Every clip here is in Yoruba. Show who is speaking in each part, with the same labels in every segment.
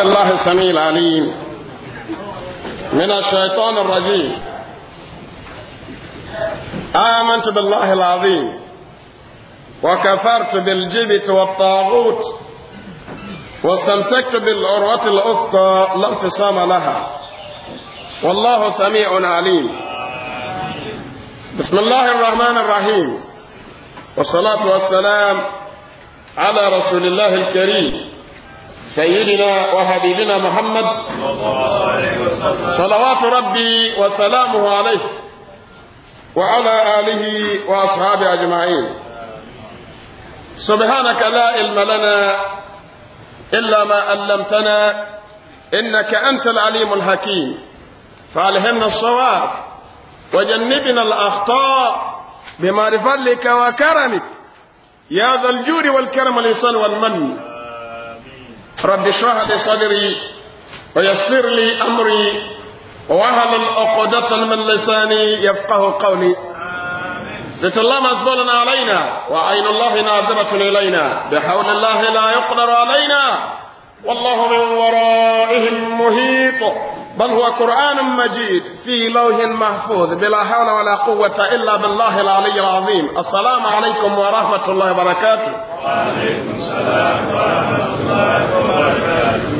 Speaker 1: الله السميع العليم من الشيطان الرجيم آمنت بالله العظيم وكفرت بالجبت والطاغوت واستمسكت بالعروة الأثقى لا انفصام لها والله سميع عليم بسم الله الرحمن الرحيم والصلاة والسلام على رسول الله الكريم سيدنا وحبيبنا محمد صلوات ربي وسلامه عليه وعلى آله وأصحابه أجمعين سبحانك لا علم لنا إلا ما علمتنا إنك أنت العليم الحكيم فألهمنا الصواب وجنبنا الأخطاء بما وكرمك يا ذا الجور والكرم الإنسان والمن رب اشرح لي صدري ويسر لي أمري واهل عقدة من لساني يفقه قولي ست الله مزبولا علينا وعين الله ناظرة إلينا بحول الله لا يقدر علينا والله من ورائهم مهيط بل هو قرآن مجيد في لوح محفوظ بلا حول ولا قوة إلا بالله العلي العظيم السلام عليكم ورحمة الله وبركاته
Speaker 2: وعليكم السلام ورحمة الله
Speaker 1: وبركاته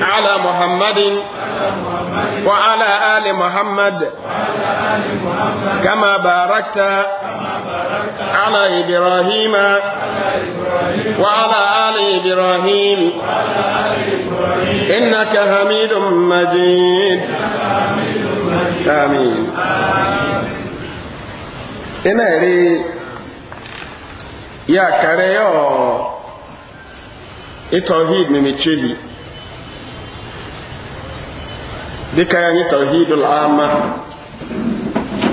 Speaker 1: على محمد وعلى آل محمد كما باركت على إبراهيم وعلى آل إبراهيم إنك حميد مجيد آمين إن ere ya kare yo itohid dika yanyi tauhidul amma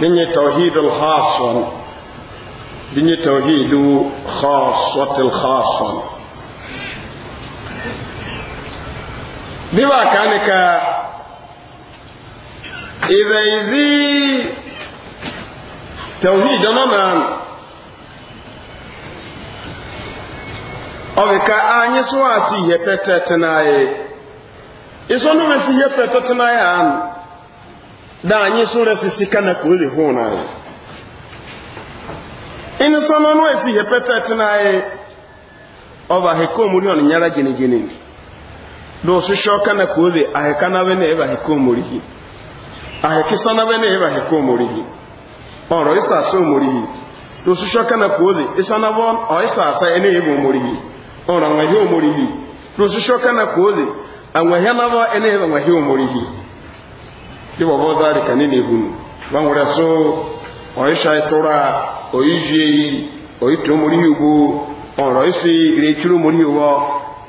Speaker 1: dinyi tauhidul khason dinyi tauhidu khasotil khason diba kanika idaizi tauhid onanan ọbịka anyị sụwasị ihe petete na iso no resi yɛ pɛ tɔtena yɛ ano da anyi so resi sika na ko eri hoo na yɛ iniso no no esi yɛ pɛ tɔtena yɛ ɔba heko muri ɔno nyara gyinigyini do sohyɛ ɔka na ko eri aheka na bɛ na ɛba heko muri hi ahekesa na bɛ na ɛba heko muri hi ɔrɔ isa so muri hi do sohyɛ ɔka na ko eri isa na bɔ ɔisa asa ɛna ɛbɔ muri hi ɔrɔ ŋa hi omuri hi do sohyɛ ɔka na ko eri anwahia nabo ene banwahia omurihi ibobo zari kanini hunu nwere so oisha itura oijei oito omurihi ubu onro isi rechiru omurihi ubo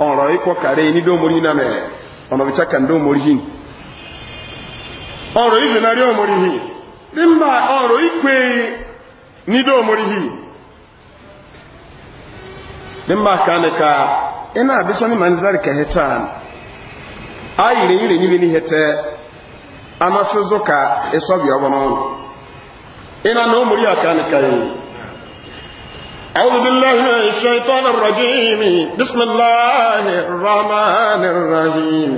Speaker 1: onro ikwo kare ni do omurihi na me ono bichaka ndo omurihi onro izo nari ndị mba onro ikwe ni do omurihi dimba kaneka ina abisa ni manzari taa. ayire yire nyibi ni hete amasizuka esobi obono ina no muri akani kai أعوذ بالله من الشيطان الرجيم بسم الله الرحمن الرحيم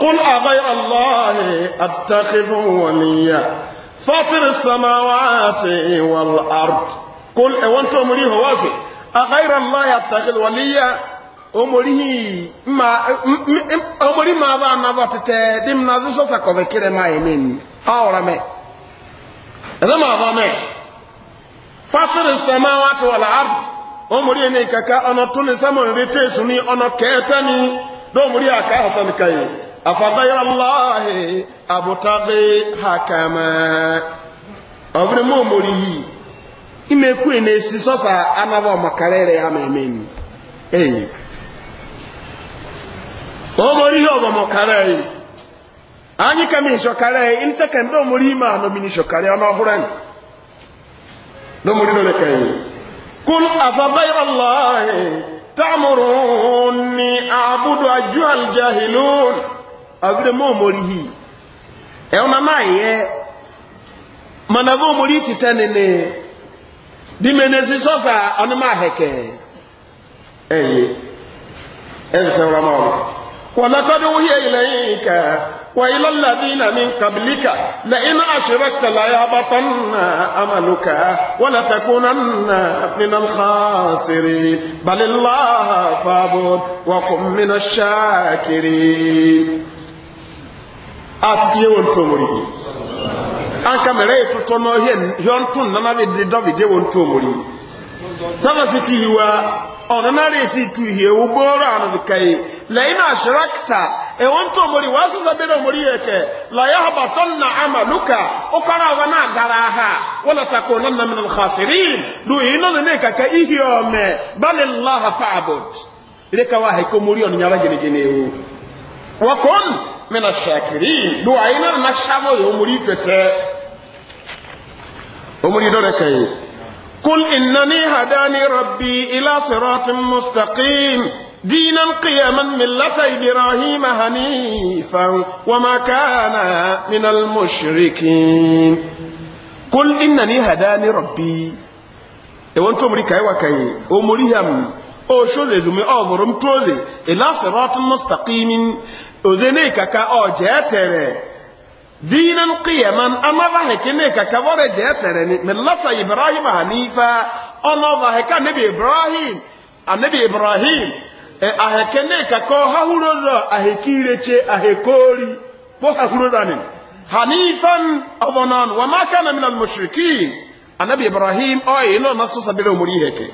Speaker 1: قل أغير الله أتخذ وليا فاطر السماوات والأرض قل أنتم لي هواسي أغير الله أتخذ وليا omorihi ma omori ma ba na ba tete dim na zo sa ko be kire ma yemin awra me da ma ba me fatir samawati wal ard omori ne kaka ono tun samon rete suni ono ketani do omori aka hasan kai afadayra allah abutaqi hakama obri mo omori imeku ne si so sa anaba makarere ya memin eh omori karịa anyị anyi kami shokare in second no muri ma no mini shokare ono huran no muri no lekai kul afa ghayra allah ta'muruni a'budu ajwal jahilun agre mo mana hi e ona maye manago mori titenene dimenezi sosa onima heke eye ẹ sẹ́wọ́n máa wọ̀. ولقد أوحي إليك وإلى الذين من قبلك لئن أشركت ليهبطن أملك ولتكونن من الخاسرين بل الله فاعبد وقم من الشاكرين أتتي وانتمري أنك مريت تنوهين يونتون نمبي دي دوبي دي وانتمري ọ̀nà rẹ̀ sí tu ihe ugboro anụbikaye lẹ́yìnà ṣirakta ẹ̀wọ́n tó mori wọ́n sì sábẹ́ náà mori yẹ kẹ́ lọ́yà ọba tó nà ama luka ó kọ́ra ọba náà gara ha wọ́n lọ́ta kó nà nà mìíràn xasiri lu yìí nà nìyẹn kàkà ihe ọmẹ bali laha fàbọt ilé kawa ha kó mori ọ̀nà nyàrá gẹ́gẹ́ni قل إنني هداني ربي إلى صراط مستقيم دينا قيما ملة إبراهيم هنيفا وما كان من المشركين قل إنني هداني ربي ewon to muri kai wa kai o muri ham o sho le zumi o vorum tole ila sirat mustaqimin o zene kaka o je tere دينا قيما اما ضحك انك كبر جاترني لفظ ابراهيم حنيفا اما ضحك النبي ابراهيم النبي ابراهيم إيه، اهكنك كو هورو اهكيرتي اهكوري بو هورو حنيفا اظنان وما كان من المشركين النبي ابراهيم اي انه نصص بلا مريهك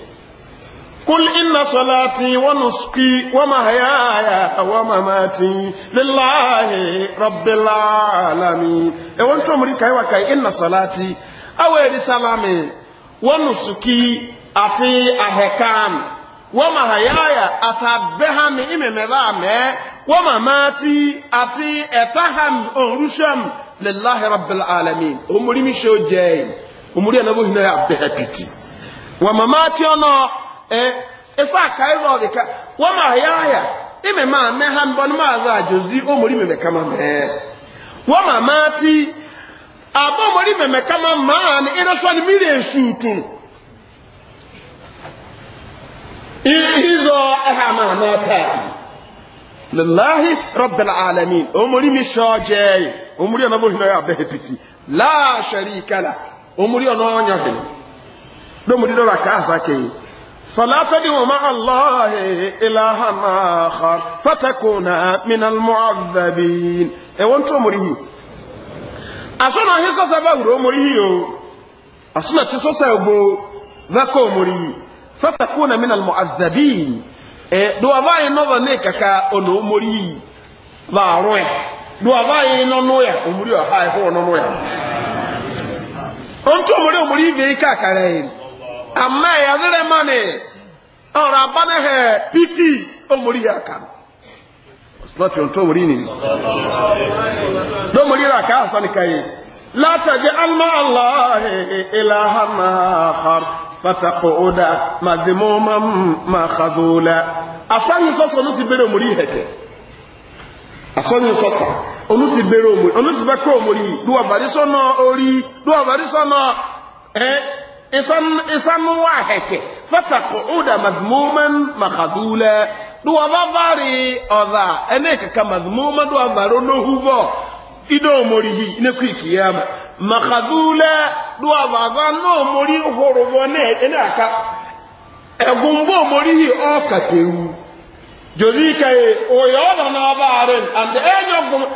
Speaker 1: قل إن صلاتي ونسكي ومحياي ومماتي لله رب العالمين ewon to muri kai wa kai inna salati awe ri salami wa nusuki ati ahekam wa mahayaya atabehami imemela me wa mamati ati etaham orusham lillahi rabbil alamin omuri mi shoje omuri anabo hina behapiti wa mamati ono ɛsɛ akae lɔɔre ka wɔn a yɛayɛ ɛmɛ maa mɛ ha mbɔ no maa zaa adwozi ɔmori mɛmɛ kama mɛɛ wɔn a maa ti abɔ ɔmori mɛmɛ kama ma ne ɛna na ne mi lɛ esuutu ihizɔ ɛha maa mɛ taa lillahi rabbil alamin ɔmori mi sɔ jɛɛ ɔmori yɛn na bɔ hinɛ yɛ hepiti laa shari kala ɔmori ọ na ɔnyɔ hin dɔmori dɔ la kaa oh, sa فلا تدعوا مع الله إلها آخر فتكون من المعذبين ẹ̀wọ́n tó mọ̀rí yìí asọ́nà ahé sọ́sẹ́ bá wùrọ̀ mọ̀rí yìí o asọ́nà tí sọ́sẹ́ ògbó vẹ́kọ̀ mọ̀rí yìí فتكون من المعذبين ẹ̀ dùwàbá yìí nọ́ọ̀dọ̀ ní kàkà ọ̀nà mọ̀rí yìí bàárọ̀ ẹ̀ dùwàbá yìí nọ́ọ̀nù yà òmùrí ọ̀há ẹ̀họ́ ọ̀nà yà ọ̀n tó mọ̀rí òmùrí yìí bẹ́ẹ̀ káàkiri yìí amma ya zire mani ọ̀rọ̀ abánahẹ̀ piti omori ya kan ọ̀sọ́tí ọ̀tọ́ omori ni lọ́mọrí rà ká àsánikayé látàjẹ́ alma aláhẹ̀ ìlàhàmà àkàr fatakọ̀ ọ̀dà màdìmọ́mà màkàzọ́lá asányin sọ́sọ́ ló sì bẹ̀rẹ̀ omori hẹ̀kẹ́ asányin sọ́sọ́ onusi bẹ̀rẹ̀ omori onusi bẹ̀kọ́ omori lùwàbàdísọ́nà orí lùwàbàdísọ́nà eh? isamu wa heke fatako uda madmuman makhazula duwa vavari oda ene kaka madmuma duwa varo no huvo ido mori hi ine ku ikiyama makhazula duwa vava no mori horovo ne ene aka egumbo mori hi o katewu jori kai e, oyo na varin and enyo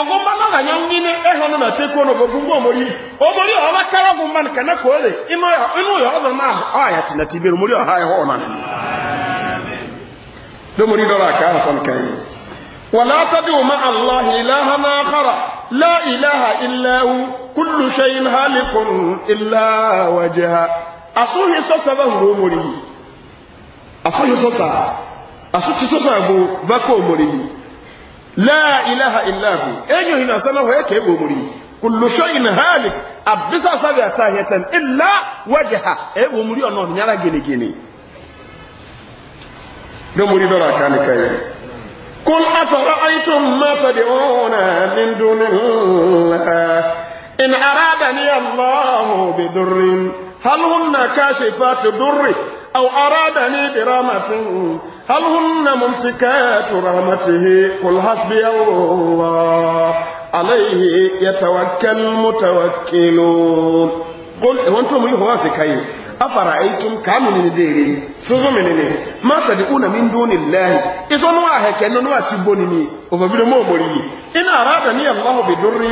Speaker 1: ọgbọ́nba náà yà ń yín ní ẹ̀họ́ náà tẹ́ kó náà gbogbo mọ́ mọ́rí ọmọrí ọ̀rọ̀ kára ọgbọ́nba nìkan náà kò lè inú yọ ọ̀dọ̀ náà ọ̀yà tì nà tìbí ọmọrí ọ̀há ẹ̀họ́ náà nìyí. lómọrí dọ́rọ̀ àká àfọ̀n kẹ́yìn. wàlá tàbí wọn aláhi iláha náà kára lá iláha iláhu kúlù ṣẹyìn hálìkùn iláwàjẹ asúhì sọ́sà bá wùrọ̀ mọ́rí asúhì sọ́sà asúhì sọ́sà bó vákò mọ́rí yìí la ilaha illahu enyo hina sanahu yake ebo muri kullu shay'in halik abisa sabi atahiyatan illa wajha ebo muri ono nyara gene gene do muri do rakani kai kul afara'aytum ma tad'una min dunillahi in aradani allah bidurrin hal hunna kashifatu أو أرادني برحمة هل هن ممسكات رامته قل حسبي الله عليه يتوكل المتوكلون قل وانتم لي هو سكاي أفرأيتم كامل نديري سوزمنني ما تدعون من دون الله إذن واحد كأنه أتبونني وفبيل مؤمري إن أرادني الله بدر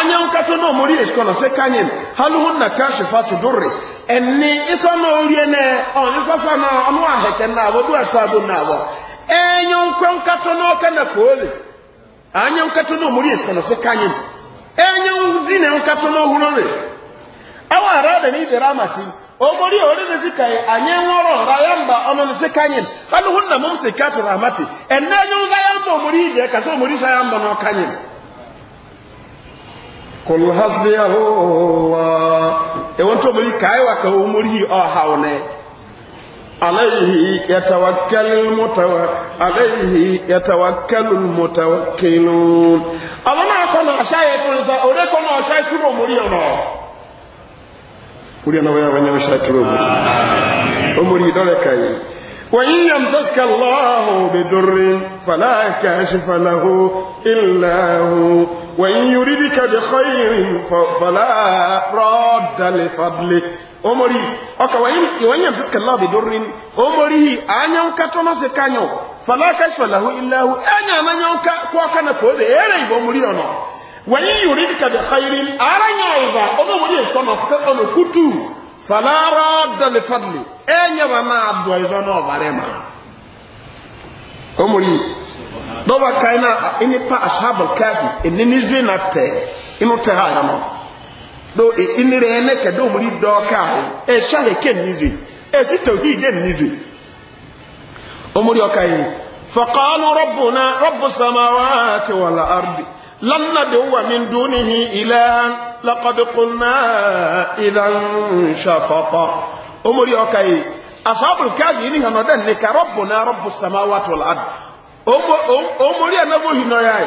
Speaker 1: أن ينكتنوا مريش كنا سكانين هل هن كاشفات دره ẹni ìsọ́nà orí ẹnẹ ọ̀n ìsọ́sọ́ náà ọmọ àhẹ̀kẹ́ náà wọ́n dún ẹ̀tọ́ àdó náà wọ́ ẹ̀yẹ nkọ́nkátọ́ na kẹ́nà kòólè ànyẹ nkátọ́ náà mórí ìsọ̀nà sí kányẹ ẹ̀yẹ nzí nà nkátọ́ náà wúrọ̀ rẹ̀ ẹwọ́ ara rẹ̀ ní ìdẹ̀rẹ̀ àmàtí omori orí na sika yẹ ànyẹ sika ewon to mori kai wa ka o mori o haune alayhi yatawakkalul mutawa alayhi yatawakkalul mutawakkilun àwọn na ko na shaye tun sa ore ko na shaye tun o mori kuri na wa ya wa na shaye tun o mori o mori dole kai وإن يمسسك الله بدر فلا كاشف له إلا هو وإن يريدك بخير فلا راد لفضلك أمري وإن, وإن يمسسك الله بدر أمري أن ينكا تنسي يوكا فلا كاشف له إلا هو أن يوكا كوكا نقول إليه أمري أنا وإن يريدك بخير أرى يعيزا أمري أنا كتو فلا راد لفضلك enye mama abdua izo na obarema omuri doba kaina ini pa ashabul kafi ini nizwe na te inu te ha ya no do ini re ene ke do muri do ka e shahe ke nizwe e si tauhid nizwe omuri okayi فقالوا ربنا رب السماوات والارض لن ندعو من دونه الها لقد قلنا اذا شفقا omori ọkai ashabul kaji ni hano den ni ka rabbuna rabbus samawati wal ard omori anabo hino yai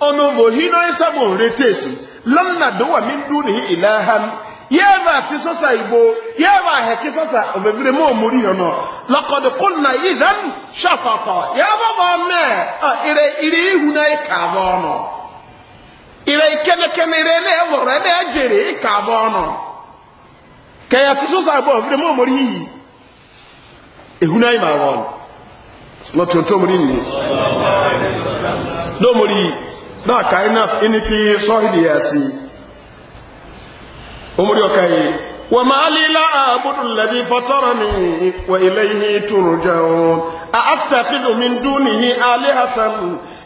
Speaker 1: ono bo hino isabo retesi lam nadwa min dunihi ilahan yẹ́ẹ̀bà ti sọ́sà ìbò yẹ́ẹ̀bà àhẹ̀kí sọ́sà òbẹ̀bẹ̀rẹ̀ mọ́ òmùrí ọ̀nà lọ́kọ̀dẹ̀ kó nà ìdán ṣàpàpọ̀ yẹ́ẹ̀bà bọ̀ mẹ́ẹ̀ ìrẹ̀ ìrẹ̀ ihu na na-ejere abụọ kẹyà tí sọ́sà bọ̀ fún mọ́ mọ́rí yìí ehun ayé máa wọ́n lọ tí ó tó mọ́rí nìyí lọ́mọ́rí náà káyé náà ẹni pí sọ́hìdì yà sí ọmọrí ọ̀ka yìí wọ́n máa lílá àbúrò lẹ́bí fọ́tọ́rọ̀ mi wọ ilé yìí tó rọjà wọn àtàkìlómi dúnìí alẹ́ hàtàmù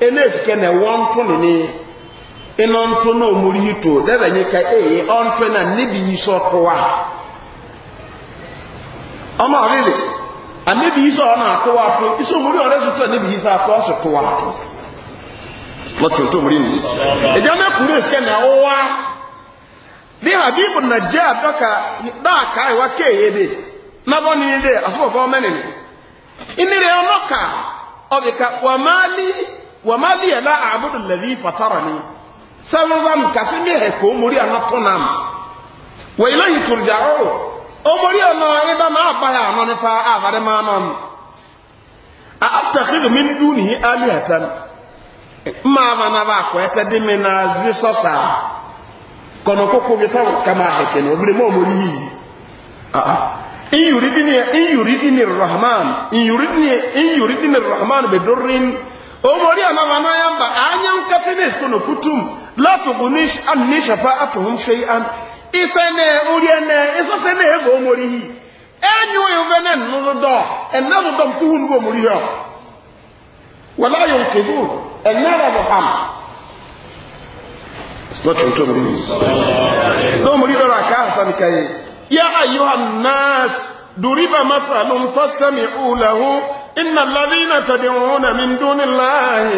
Speaker 1: enesike na ɛwɔ na omuri hito to dɛ ka eye ɔnto na nebi yi sɔ to a ɔmo awele anebi yi to iso omuri ɔre so to anebi yi ato ɔso to to lɔtɔ to omuri ni ɛdi ɔmo ekuru esike na ɔwa bi habibu na gye adɔka daaka ayiwa keeye de ni de wàmá liẹ̀ la àbúdù lẹ́bí fatara ni sẹ́wọ́n kàfí mi hẹ̀ kó mórí àná tó nà mọ́ wọ́n ilé yìí tùrù jàró ó mórí àná ibà máa bá yà àná nífa àfàdé máa nà mọ́ mi ń dún nìyí alì àtàn máa ma nà bá kọ́ ẹ̀tẹ́ dí mi nà zi sọ́sà kọ̀nà kókó fi sáwọn kàmá hẹ̀kẹ́ nà obìnrin mọ́ mórí yìí in yuridini in yuridini rahman in yuridini rahman bi durrin omori amama n'ayamba anyanka finis kuno kutum latugunish anishafa atuhum shay'an isene uliene isasene ebo omori hi enyu yuvene nuzudo enazudo mtuhunu omori yo wala yunkidu enara buham Slot mtu omori hi omori dora kasa nikaye ya ayuha nas duriba mathalun fastami'u lahu إن الذين تدعون من دون الله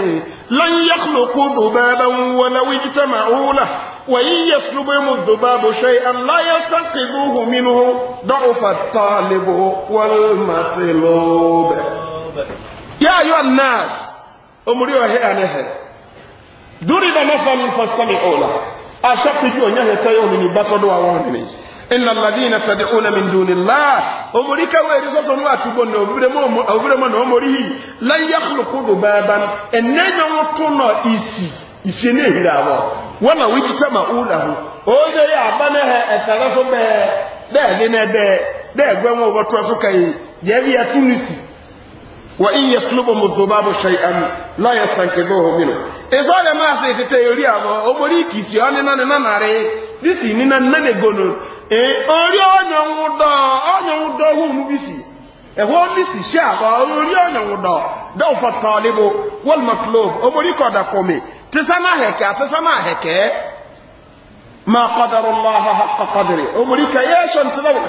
Speaker 1: لن يخلقوا ذبابا ولو اجتمعوا له وإن يسلبهم الذباب شيئا لا يستنقذوه منه ضعف الطالب والمطلوب يا أيها الناس أمريوا هي أنه ضرب مثلا فاستمعوا له أشقي جوا نهي تيوم من بطل وعوانني inna alladhina tad'una min dunillah omurika we risoso nwa tubo no obiremo obiremo no omori la yakhluqu dhubaban enenyo mutuno isi isi ne hirabo wala wikitama ulahu oje ya bana he so be de gine be de gwenwo oboto so kai je bi atunisi wa in yaslubuhum dhubabu shay'an la yastankidhuhu minhu isole ma se tete yori abo omori kisi oni na na nare disi ni na nane gono orí ọ̀nyẹ̀wùdọ̀ ọ̀nyẹ̀wùdọ̀ ọ̀hún mú bí sí ẹ̀họ́ ní sì ṣe àbọ̀ orí ọ̀nyẹ̀wùdọ̀ dọ́ọ̀fọ̀ tọ́ọ̀lẹ́bù wọ́lmọ̀tòlóòbù omori kọ̀dà kọ̀mì tìsánà hẹ̀kẹ́ àtìsánà hẹ̀kẹ́ ma kọ̀dọ̀rọ̀ lọ́hà omori kẹyẹ́sọ̀n tìlọ́wọ̀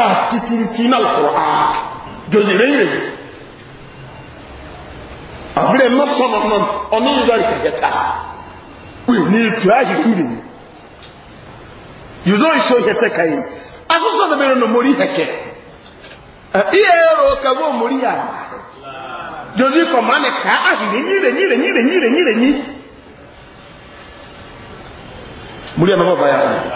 Speaker 1: a tuturutu na alquran jozi reyire abire no sono non oni yari kageta we ni to a hiri yuzo iso kete kai aso so de no mori heke iero kabo mori ya jozi ko mane ka a hiri ni re ni re ni re ni re ni re ni muri amababa ya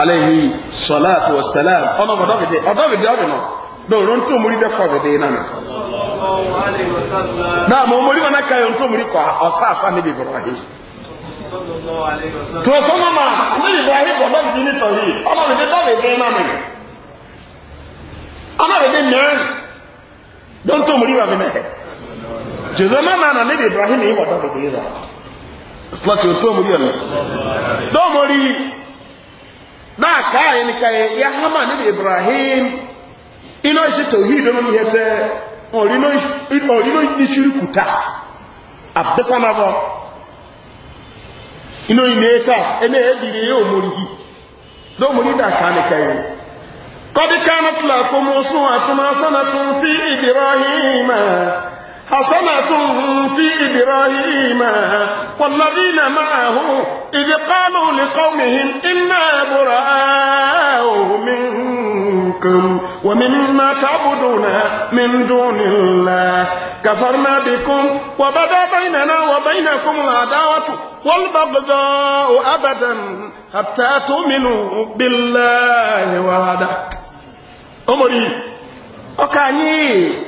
Speaker 1: alayhi salatu wa salam ọ̀nà ọ̀dọ́bìdì ọ̀dọ́bìdì ọ̀dìnà lóòrò ń tó múrí dẹ́kọ̀ ọ̀dìdì iná náà mo múrí wọn ká yóò ń kọ ọ̀sá àṣà níbi ibrahim. tó sọ́nà máa ní ibrahim ọ̀dọ́bìdì nítorí ọ̀dọ́bìdì ọ̀dìdì iná mi. ọ̀dọ́bìdì mìíràn ló ń tó múrí wọn bìnẹ̀. jòzó má máa na-aka anyị nikaye ya hama n'idi ibrahim ino isito hii n'olili ete n'olili nsiriputa abisa n'abọ ino ineeta eneyi ya eya omuligi na omuli ndị aka anyị nikaye. kọbịta anatela akwọmụsọ atụmaso na ntụfi ibiri ọhịma. حسنة في إبراهيم والذين معه إذ قالوا لقومهم إنا براء منكم ومما تعبدون من دون الله كفرنا بكم وبدا بيننا وبينكم العداوة والبغضاء أبدا حتى تؤمنوا بالله وحده أمري أكاني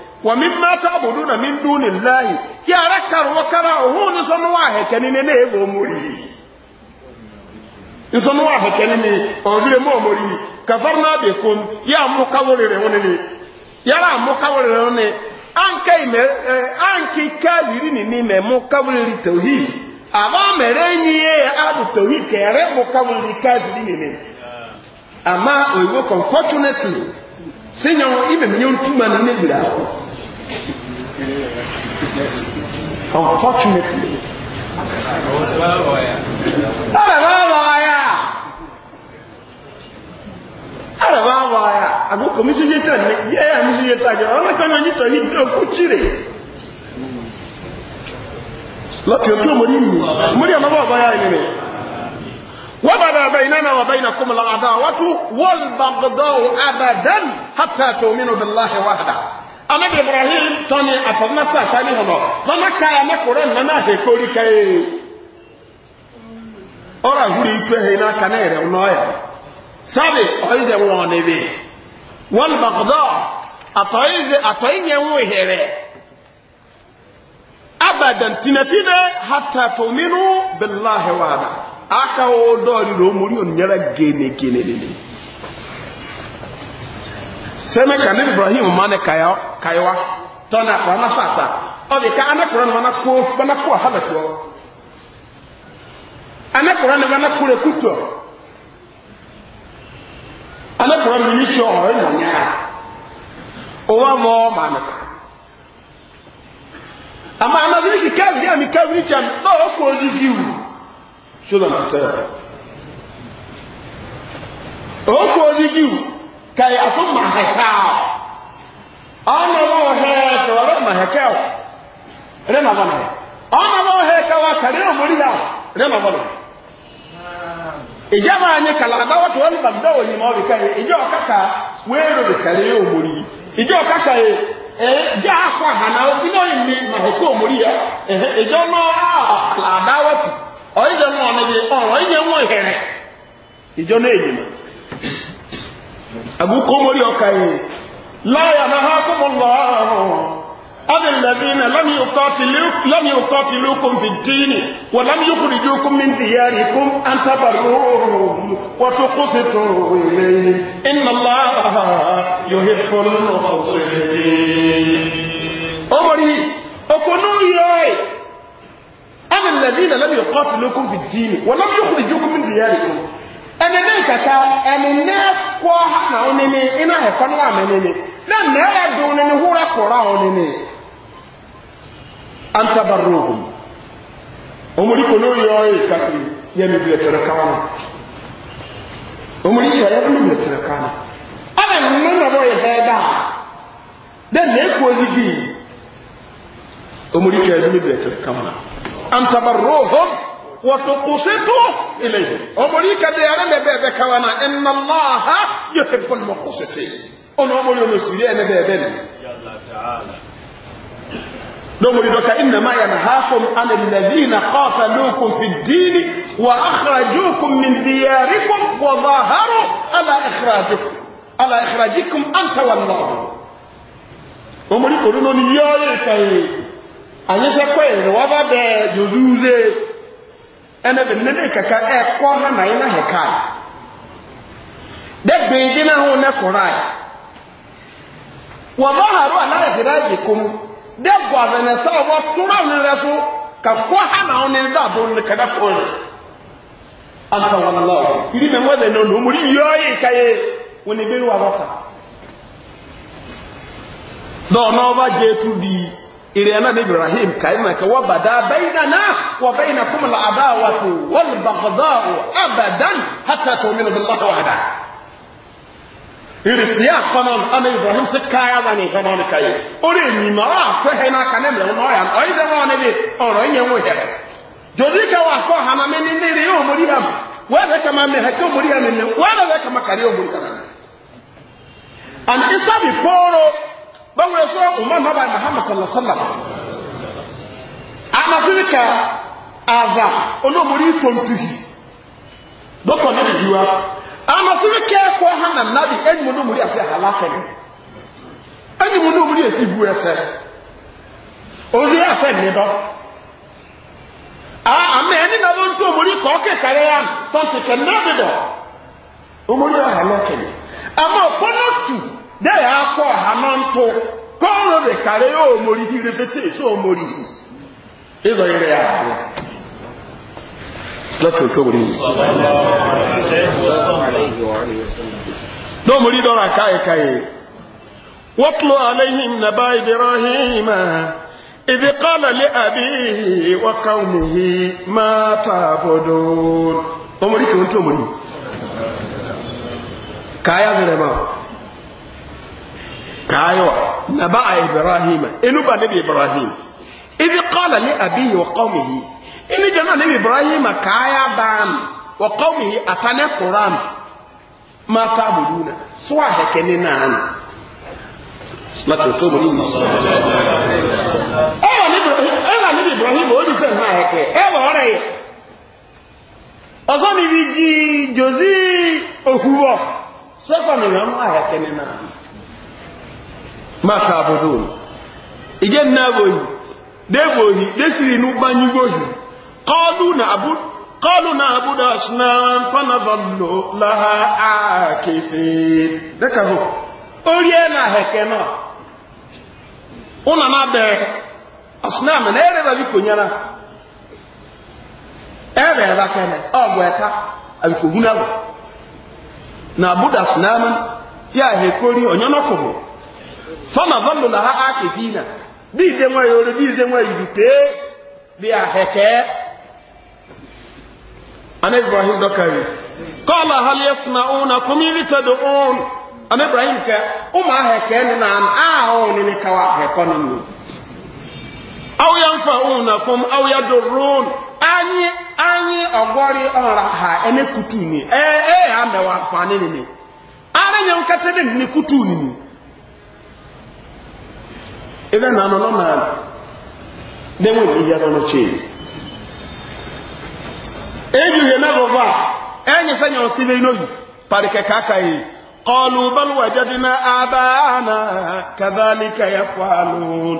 Speaker 1: Wa تعبدون من دون na يا ركر وكرا ya نسون واحد كان نيبو مري نسون واحد كان اوزري na مري كفرنا بكم يا مكاوري ya يا را مكاوري هونني anke anke ni ni me mu kaviri tauhid aba mere e adu kere ni ni ama we go unfortunately sinyo ime mnyo ntuma ni Unfortunately.
Speaker 2: Ara babaya.
Speaker 1: Ara babaya. Ago komisi yeta ne ye ya misi yeta je. Ona kana ni to ni do kuchire. Lati otu omori ni. Omori ama babaya ni ni. وبدا بيننا وبينكم العداوة والبغضاء أبدا حتى تؤمنوا بالله وحده anabi ibrahim tɔni afɔmasa asali hɔnɔ nana kaya ne kora nana ahekori kaye ɔra ahuri itwe hɛ na aka ne yɛrɛ nɔɔya sabi ɔyizɛ wɔn ne bi wɔn bakdɔ atɔyizɛ atɔyizɛ ŋu hɛrɛ abadan tinafide hata tominu bilahi waada aka wo dɔɔni do omori onyɛrɛ gene gene ne sɛmɛ ka ne ibrahim ma ne kayewa tɔn na kora na sasa ɔdi ka ana kora ne ma na ko ma na ko ahabɛtoɔ ana kora ne ma na kora kutoɔ ana kora ne ni sɔ ɔyɛ nyanya owa mɔ ma ne ko ama ana bi si kabiri ami kabiri kyɛn na ɔkɔ odidi wu sɔlɔ ntutɛ ɔkɔ odidi wu. kai aso ma hekao ana ma wa heka wa ma hekao re ma bana ana ma wa heka wa kare o mori ya re ma bana ija ma anye kala da wa to ni babda wo ni ma bi kai ija o kaka we ro bi kare o mori ija o kaka e eh ja akwa hana o bi no ni ma heka o mori ya eh ija ma kala da wa to o ija no na bi o ija mo here ija no e ni agukomori ọkàyè láyà náà hákùmùlọ́ adìlẹ́dínà lẹ́mí ọkọ̀ tìlúkùn fi dínì wà lẹ́mí yókùrìjúkùn mi dìyàrí kún an tabarúrùn wàtò kó sì tọrọ ilé iná láàá yóò hẹ́ pọ̀lú náà ó sì ọmọrí ọkọ̀ náà yọ ẹ̀ adìlẹ́dínà lẹ́mí ọkọ̀ tìlúkùn fi dínì wà lẹ́mí yókùrìjúkùn mi ẹni ní ìkẹta ẹni ní ẹkọ na ọnini iná ẹkọ ní wàmẹ nini na nẹẹrẹ dùn nini húrẹ kọrọ ọnini antabarro ogun omori kò ní oyè ọyẹ ìkàfẹ yẹ mi bìrẹ tẹrẹ káwọn na omori yẹ yẹ mi bìrẹ tẹrẹ káwọn na ọnà nínú nàbọ yẹ bẹẹ dà dẹ nẹẹkọ oligi omori kẹ yẹ mi bìrẹ tẹrẹ káwọn na antabarro ogun. وتقسطوا إليه أمريكا ديانا مبابا كوانا إن الله يحب
Speaker 2: المقسطين
Speaker 1: أنا أمري ونسيري أنا بابا نمري لك إنما ينهاكم عن الذين قاتلوكم في الدين وأخرجوكم من دياركم وظاهروا على إخراجكم على إخراجكم أنت والله أمري كورونو نيوي كاي أنيسا كوي وابا بي جوزوزي Enebe bɛ nne ne ha na na hɛkae De bɛn gyina ho ne kɔrae a na yɛhera kum kom gɔdze ne sɛ ɔbɔ ne ka ha na ɔne da ne kada kɔ anka wɔn lɔ yiri mɛ wɔn lɛ no no muri yɔɔye wɔn dɔɔ n'ɔba gye إريانا إبراهيم كأنك وبدا بيننا وبينكم العداوة والبغضاء أبدا حتى تؤمنوا بالله وحده irisia kɔnɔn ana ibrahim se kaya wani kɔnɔn ni kaye o de ye ɲimara a fɛ hɛn n'a kan ne mɛ n'o yan ɔyi dɛ n'o ne bɛ ɔrɔ n ye ŋo hɛrɛ joli báwọn ẹ̀ṣọ́ ọmọ nàbà sallallahu alaihi wasallam ka aza olomori tontuhi dọ́tọ̀ náà yíwa anafirika ẹ̀kọ́ ha nà nàbì ẹni mo n'omùrí àti àhàlá kẹ́lú ẹni mo n'omùrí èsì ibu ẹ̀tẹ́ orí àfẹ́ nìdọ́ àmì ẹni na ló ń tó omùrí kọ́ kẹkẹrẹ yá tọ́ntẹ̀kẹ̀ náà dìdọ̀ ama dẹ́rẹ̀ akọ àná ń tó kọ́ọ̀rọ̀ rẹ̀ kàrẹ́ yóò mórí bí rẹfẹ́tẹ̀ sí mórí yìí ìzọ ilẹ̀ ààrẹ
Speaker 2: lọ́tún tó wùrí yìí
Speaker 1: ló mórí dọ́ra káyẹ̀káyẹ̀ wọ́pùlọ̀ aláìhìn nàbá ibrahim إذ قال لأبيه وقومه ما تعبدون أمريكا وانتم أمريكا كايا ذنبا كايوا نبأ إبراهيم إنبا نبي إبراهيم إذ قال لأبيه وقومه إن جنا نبي إبراهيم كايا بام وقومه أتانا قرآن ما تعبدون سوى هكننا أنا صلاة وتوب لي أيوة نبي إبراهيم ودي سنة هكي أيوة ورأي أصلا نبي جوزي أهوه سوى نبي إبراهيم هكننا أنا mata abudun ije nnabohi ohi desiri n'ugbanyugohi kọlụ na abud kọlu na abud asnan fanadọlọ laha akefe dịka hụ orie na heke nọ ụlọ na abịa asnan na ere babi konyere ere ebe kene ọgwụ eta abikogwu na abụ na abud asnan ya hekori onye nọkụgbụ fama vannu ha akifina bí ìdè wọn yóò bí ìdè wọn yìí bí àhẹkẹ. ana ibrahim dọka òun òun ana ibrahim kẹ káwá ya nfa òun na ya anyi anyi ọra ha ẹni kutu ni ẹ ẹ yà mẹwàá fani nìyẹn ara nkata kẹtẹ ní kutu nìyẹn. ebe na anọ na na-enwe ihe nọ eji uhie na a parike ka aka yi قالوا بل وجدنا آباءنا كذلك يفعلون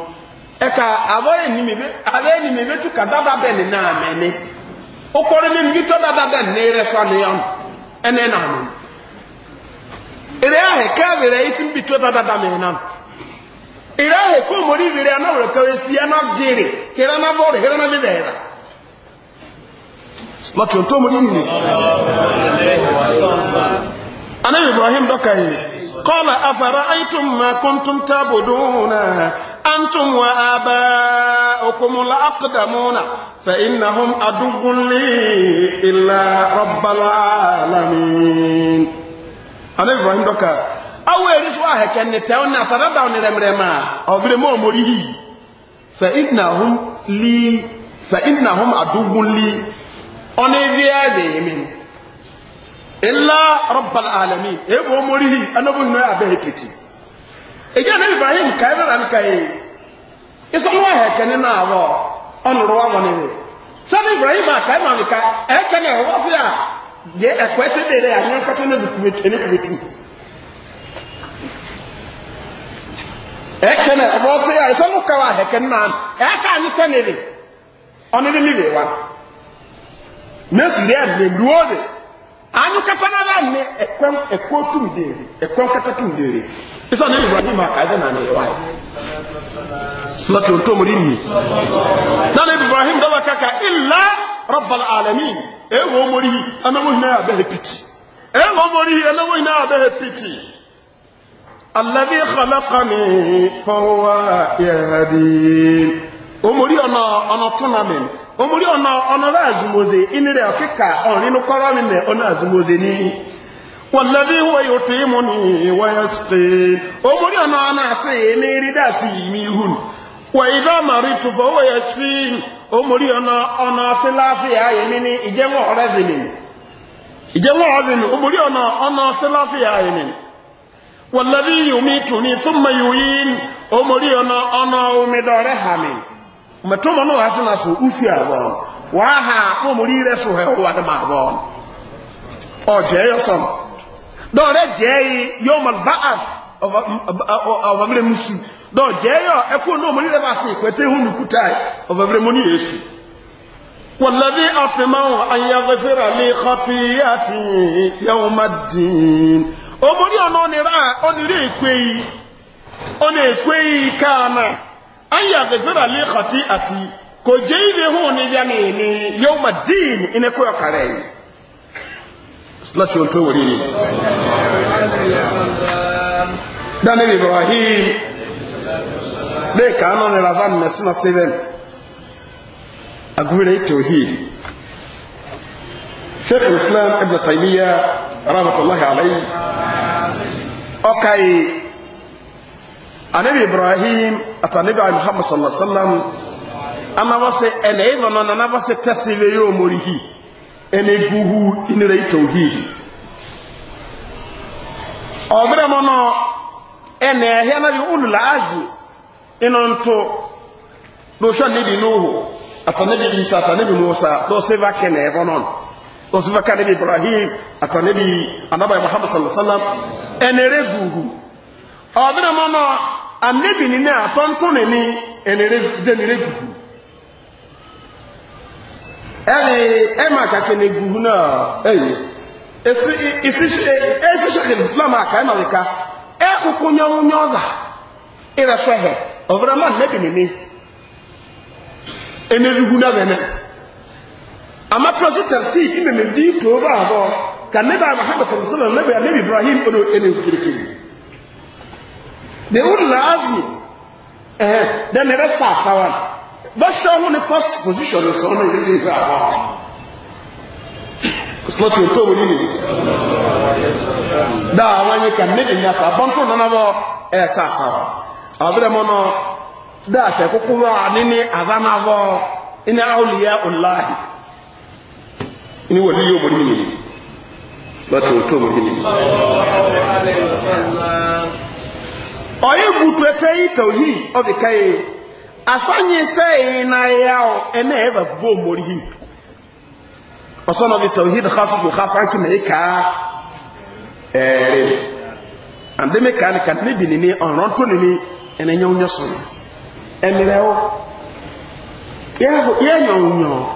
Speaker 1: ẹka àwọn ènìyàn méjì ka dáadáa bẹ́ẹ̀ ni náà mẹ́ni na ní níbi tó dáadáa bẹ́ẹ̀ ní rẹ̀ sọ nìyẹn ere náà nù. èrè àhẹ̀kẹ́ rẹ̀ yìí sí irahe ko muri bire na wure kawe si na jere kera na bore kera na bibera matu to muri ni ana ibrahim dokai qala afara'aytum ma kuntum tabuduna antum wa aba'ukum laqdamuna fa innahum aduwwun li illa rabbil alamin ana ibrahim dokai awo erisu ahɛkɛ ne tɛw na ataradaw ne rɛmrɛm a ɔbere mu ɔmori hi fɛ innahum li fɛ innahum adugun li ɔne wiɛ leemin illa rabbal alamin ebo ɔmori hi anabu nyɛ abɛ hekiti egya ne ibrahim kae bɛ ran kae isɔmu ahɛkɛ ne naabɔ ɔnuru wa wɔne we sani ibrahim a kae ma mi ka ɛkɛ ne ɛwɔ se a yɛ ɛkɔɛte de yɛ anyɛ nkɔtɔ ne bi kubetu ɛkɛnɛ ɔbɔsɛ a ɛsɛ mo kawa hɛkɛn naa ɛka anyi sɛ nili ɔne ne ewa. wa n'esi deɛ nenduo de anyi kata na ba ne ɛkɔn ɛkɔ tum deere ɛkɔn kata tum ɛsɛ ne ibrahim a kaayɛ na ne wa nyi na ne ibrahim dɔbɔ kaka rabbal alamin ewu omori yi anamu hinɛ abɛhɛ piti. الذي خلقني فهو يهدين omori ọ̀nà ya túnamìn omori ọ̀nà ọ̀nà ya inúrẹ̀ ọ̀kíkà ọ̀rìnú kọ́rọ̀ mi mẹ́ ọ̀nà àzùmọ̀zẹ̀ ní wọ̀lẹ́bí wọ́n yóò tó mú ní wọ́yẹ́sìtẹ́ omori ọ̀nà ọ̀nà àṣẹ ní ya sí ìmí ihun wọ̀ ìdá màrí tùfọ̀ wọ́yẹ́sì omori ọ̀nà wàlàdí yomi tuni fúnma yoyin omori ọ̀nà ọ̀nà omi dọ̀rẹ́ hami mẹtọ́mọ náà wàá sinna so ufi àbọ̀ wàá ha omori rẹ so hẹ wà dama àbọ̀ ọ̀jẹ̀ yọ sọ̀n dọ̀rẹ́ jẹ́ yìí yọ ọmọ báà ọ̀fọ̀bìrẹ̀ musu dọ̀jẹ́ yọ ẹkú náà omori rẹ bá se ìpẹ́tẹ́ ihun nìkúta ọ̀fọ̀bìrẹ̀ mu ní yéésù. والذي أطمع أن omori ọ̀nà onírè èkwéyí ọ̀nà ike ana ayé àfẹ́fẹ́rà lè kọ̀tí ati kò jẹ́ ilé hùn ní ilé ní ní yóò mà dín iné kó ọ̀kà rẹ̀ yìí láti ohun tó wòrí rí dánil ibrahim lè kàánà ní ravan mẹ́sìnà seven agúrẹ́ ọkaị anabi ibrahim ata anabi muhammad sallallahu alaihi wasallam anabase ẹna ịlọ nọ na anabase tẹsílẹ yóò mori hi ẹna eguhu inira itauhid ọbẹrẹ mọ nọ ẹna ẹhẹ anabi ịnọ ntụ lọsọ anabi nuhu ata anabi isa ata anabi musa osufa ka nabi ibrahim ata nabi anaba muhammad sallallahu alaihi wasallam enere gugu ọdịna mọ nọ anabi ni na atọ ntọ ntụnụ ni enere denere gugu ẹni ẹma kakene gugu náà ẹyẹ esi esi shakil islam aka ẹma wika ẹkụkụ nyọnwụ nyọza ịrẹsọ hẹ ọdịna mọ anabi ni ni enere gugu na bene. ama to so tarti ime me di to ba bo kan ne ba muhammad sallallahu alaihi wasallam ne ba nabi ibrahim odo ene kirkin de ulul azmi eh dan ne sa sawan ba sha hu ne first position so no ne di ba bo slot yo to ni ni da awanye kan ne ni afa bon to na bo eh sa sawan abere mo no da se kokuma ni ni azana bo ina awliya ullahi ini wali yo ni batu to mori ni oyi gutu eteyi tauhi obi kai asanyi sei na yao ene eva vo mori hi osono bi tauhid khasu bu khasan ki me ka eh ande me kan kan ne bi ni ni onron to ni ni ene nyaw nyaso emire o ya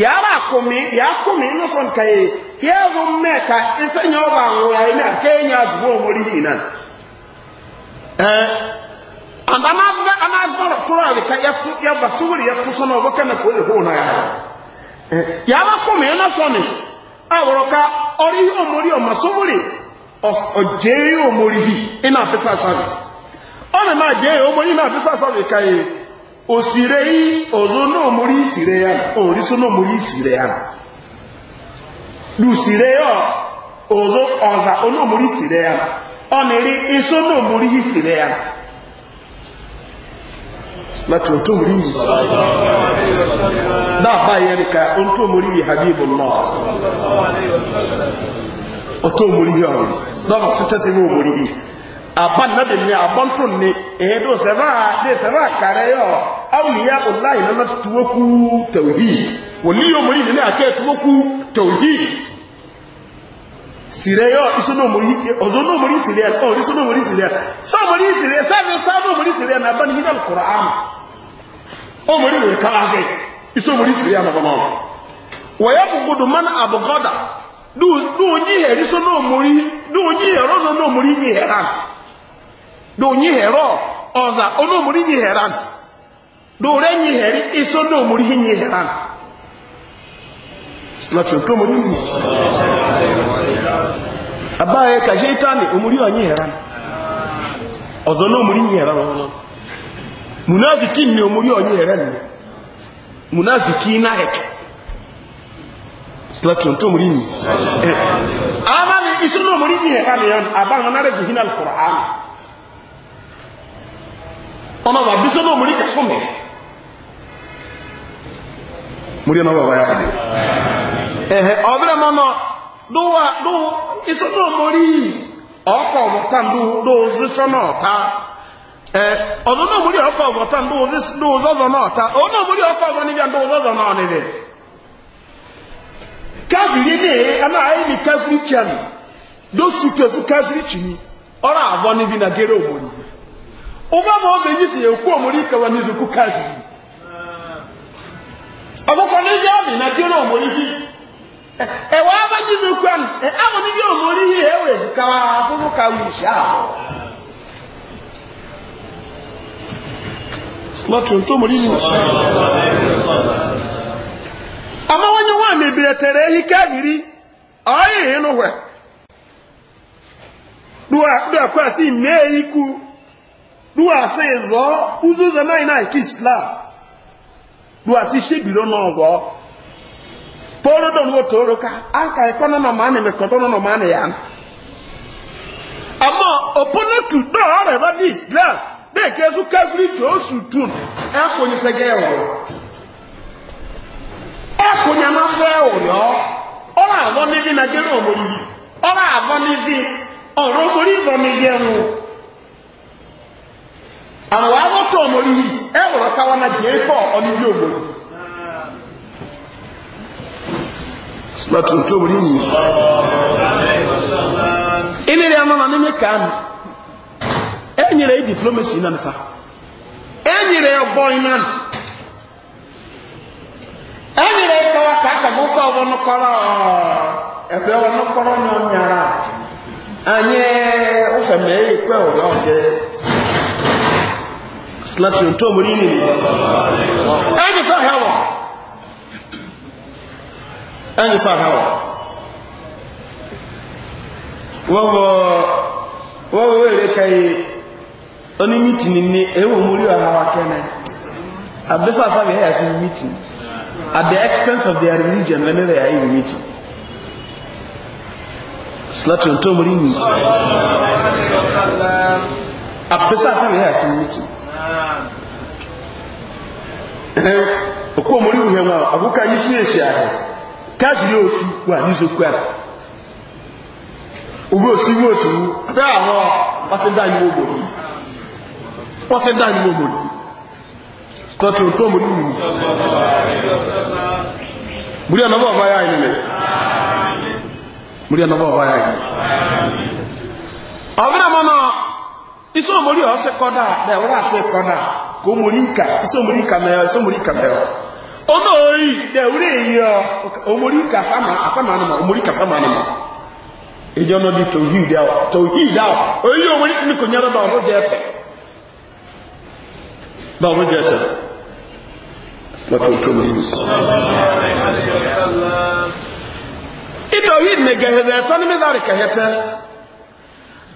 Speaker 1: ya kùmí yàkùmí inú ya zo yẹ́rù eh, ka ìsẹ́yìn ọba àwọn ẹ̀yìn náà kéèyàn àdúgbò omori yìí náà ẹ̀ and anáfẹ́ ya tóra àríkà yàbà súwìrì yà tó sọ́nà ọgbọ́kẹ́ náà kò lè hó náà yàrá yàrá kùmí inú sọ̀nì àwòrán ọrí omori omori omori osire yi ozo no muri isire ya ori so no muri isire ya du sire yo ozo oza ono muri isire ya oniri iso no muri isire ya láti ohun tó mú rí yìí dáàbá yẹn nìkan ohun tó mú rí yìí habibu náà ohun tó mú rí yìí ọ̀rọ̀ lọ́wọ́ sí tẹ́sí mú abannabi ne abɔnton ne eh, ɛyɛ do sɛbaa de sɛbaa kare yɔ awuliya olayi nana tuwoku tawhid wòlí yóò mori nínú àkẹ́ tuwoku tawhid sire yɔ isu n'o mori ɔzɔ n'o mori sire ɔ isu n'o mori sire sɔ mori sire sáfɛ sá n'o mori sire na bani hinɛ kura am o mori wòle kalase isu mori sire ma bama wɔyɛ bugudu man abugɔda du du onyi hɛ isu n'o mori du onyi hɛ ɔrɔ n'o mori nyi hɛ ra do nyihero oza ono muri nyiheran do re nyiheri iso no muri nyiheran na tun to muri ni abaye ka shaitani umuri onyiheran ozo no muri nyiheran ono munafikin ni umuri onyiheran munafikin na heke Slaton to muri ni. Ama iso no muri ni he kan na re gihina al-Qur'an ọmọ bàbí sọ́nà òmùrí kẹsùn mi múrí ọmọ bàbá yàkàdé ẹ̀hẹ̀ ọ̀bẹ̀rẹ̀ mọ́nà dúwà dú ìsọ́nà òmùrí ọkọ̀ ọ̀bọ̀tán dúwòzí sọ́nà ọ̀tá ọ̀dọ́ náà múrí ọkọ̀ ọ̀bọ̀tán dúwòzọ́zọ̀ náà ọ̀tá ọ̀dọ́ náà múrí ọkọ̀ ọ̀bọ̀ níbi àdúwòzọ́zọ̀ náà níbi káfìrí ní ẹ̀nà àyè ụba ma oge nyi si ya omori ikewa n'izuku kazi ọkụkọ na ihe ọdị na dịrị omori ihe ewe aba nyi n'ukwu e, e, ahụ ahụ omori ihe ewe zikawa afụrụ ka wishi ahụ ọyị si mee duwa se zɔ uzuza nayi nayi ki islam duwa si se biro nɔ zɔ pɔlɔ dɔn wo toro ka an ka ekɔ nɔnɔ maa ni mɛ kɔtɔ nɔnɔ maa ni yan ama opponent dɔw ara yɛrɛ bi islam de ke su kagiri to o su tun ɛ ko ni sɛgɛ wɔ
Speaker 2: ɛ ko ni a ma fɛ wɔ yɔ
Speaker 1: na jɛ n'o mo yi ɔlɔ avɔ àwọn awọ́tọ̀ ọmọrí yìí ẹwọ̀rọ̀ káwọn náà jẹ́ pọ̀ ọdún bí òmòrí sílátùntò orí yìí ilé rẹ̀ ọmọ ní na nù ẹ̀yìn rẹ̀ diplomacy náà nìfà ẹ̀yìn rẹ̀ ọgbọ́ iná nù ẹ̀yìn rẹ̀ kọwa kàkàgbọ́ kọ́ ọwọ́ nukọ́rọ̀ ẹ̀fẹ́ sinatiri ntọ́ mọ̀rí nìyí
Speaker 2: ẹni sá hẹ́wọ̀
Speaker 1: ẹni sá hẹ́wọ̀ wọ́wọ́ wọ́wọ́ èrè kẹyì oní mítìnì ní ẹwọ̀ mórí ọ̀háwà kẹ́nẹ̀ àbísà sábẹ̀ ẹ̀yà sí mítìnì at the expense of their religion lẹ́nà rẹ̀ ayé mítìnì sinatiri ntọ́ mọ̀rí nìyí
Speaker 2: àbísà sábẹ̀ ẹ̀yà sí mítìnì
Speaker 1: okwu ọmụrụ uhie nwa ọgwụ anyị si esi ahụ ka jiri osu wa n'izokwu a ụgbọ osi nwe otu wu fee ahụ anyị omori kpasị ndị anọba ọba ya anyị mere anọba ọba ya anyị isomori ɔsɛ kɔda dɛ ɔrɔ asɛ kɔda kò mori ka isomori ka mɛ isomori ka mɛ ɔno oyi dɛ ɔrɔ eyi ɔ omori ka fama afama anuma omori ka fama anuma edi ɔno di tohi da o tohi da o oyi omori ti mi ko nyara ba ɔno jɛ ɛtɛ ba ɔno jɛ ɛtɛ lọtọ tó mi ní. itohi megehebe fani mi dari kehete.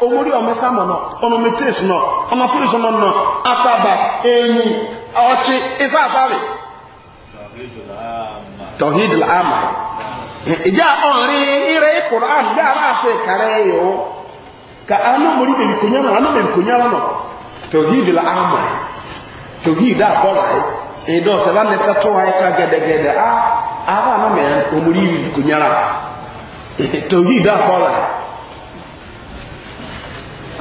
Speaker 1: omori ọmọ sámọ náà ọmọ mẹtẹẹsì náà ọmọ fúrìsì náà náà ataba ẹyìn ọtí isa afárẹ. tọhid lama ìjà ọ̀rin ire quran ìjà aláàṣẹ kàrẹ́ yìí o ka anú mori bèbí kònyá náà anú bèbí kònyá náà tọhid lama tọhid àbọ̀lá yìí ìdọ̀sẹ̀ bá nẹ́tẹ́ tó wáyé ká gẹ́dẹ́gẹ́dẹ́ a ara náà mẹ́rin omori bèbí kònyá náà tọhid àbọ̀lá yìí.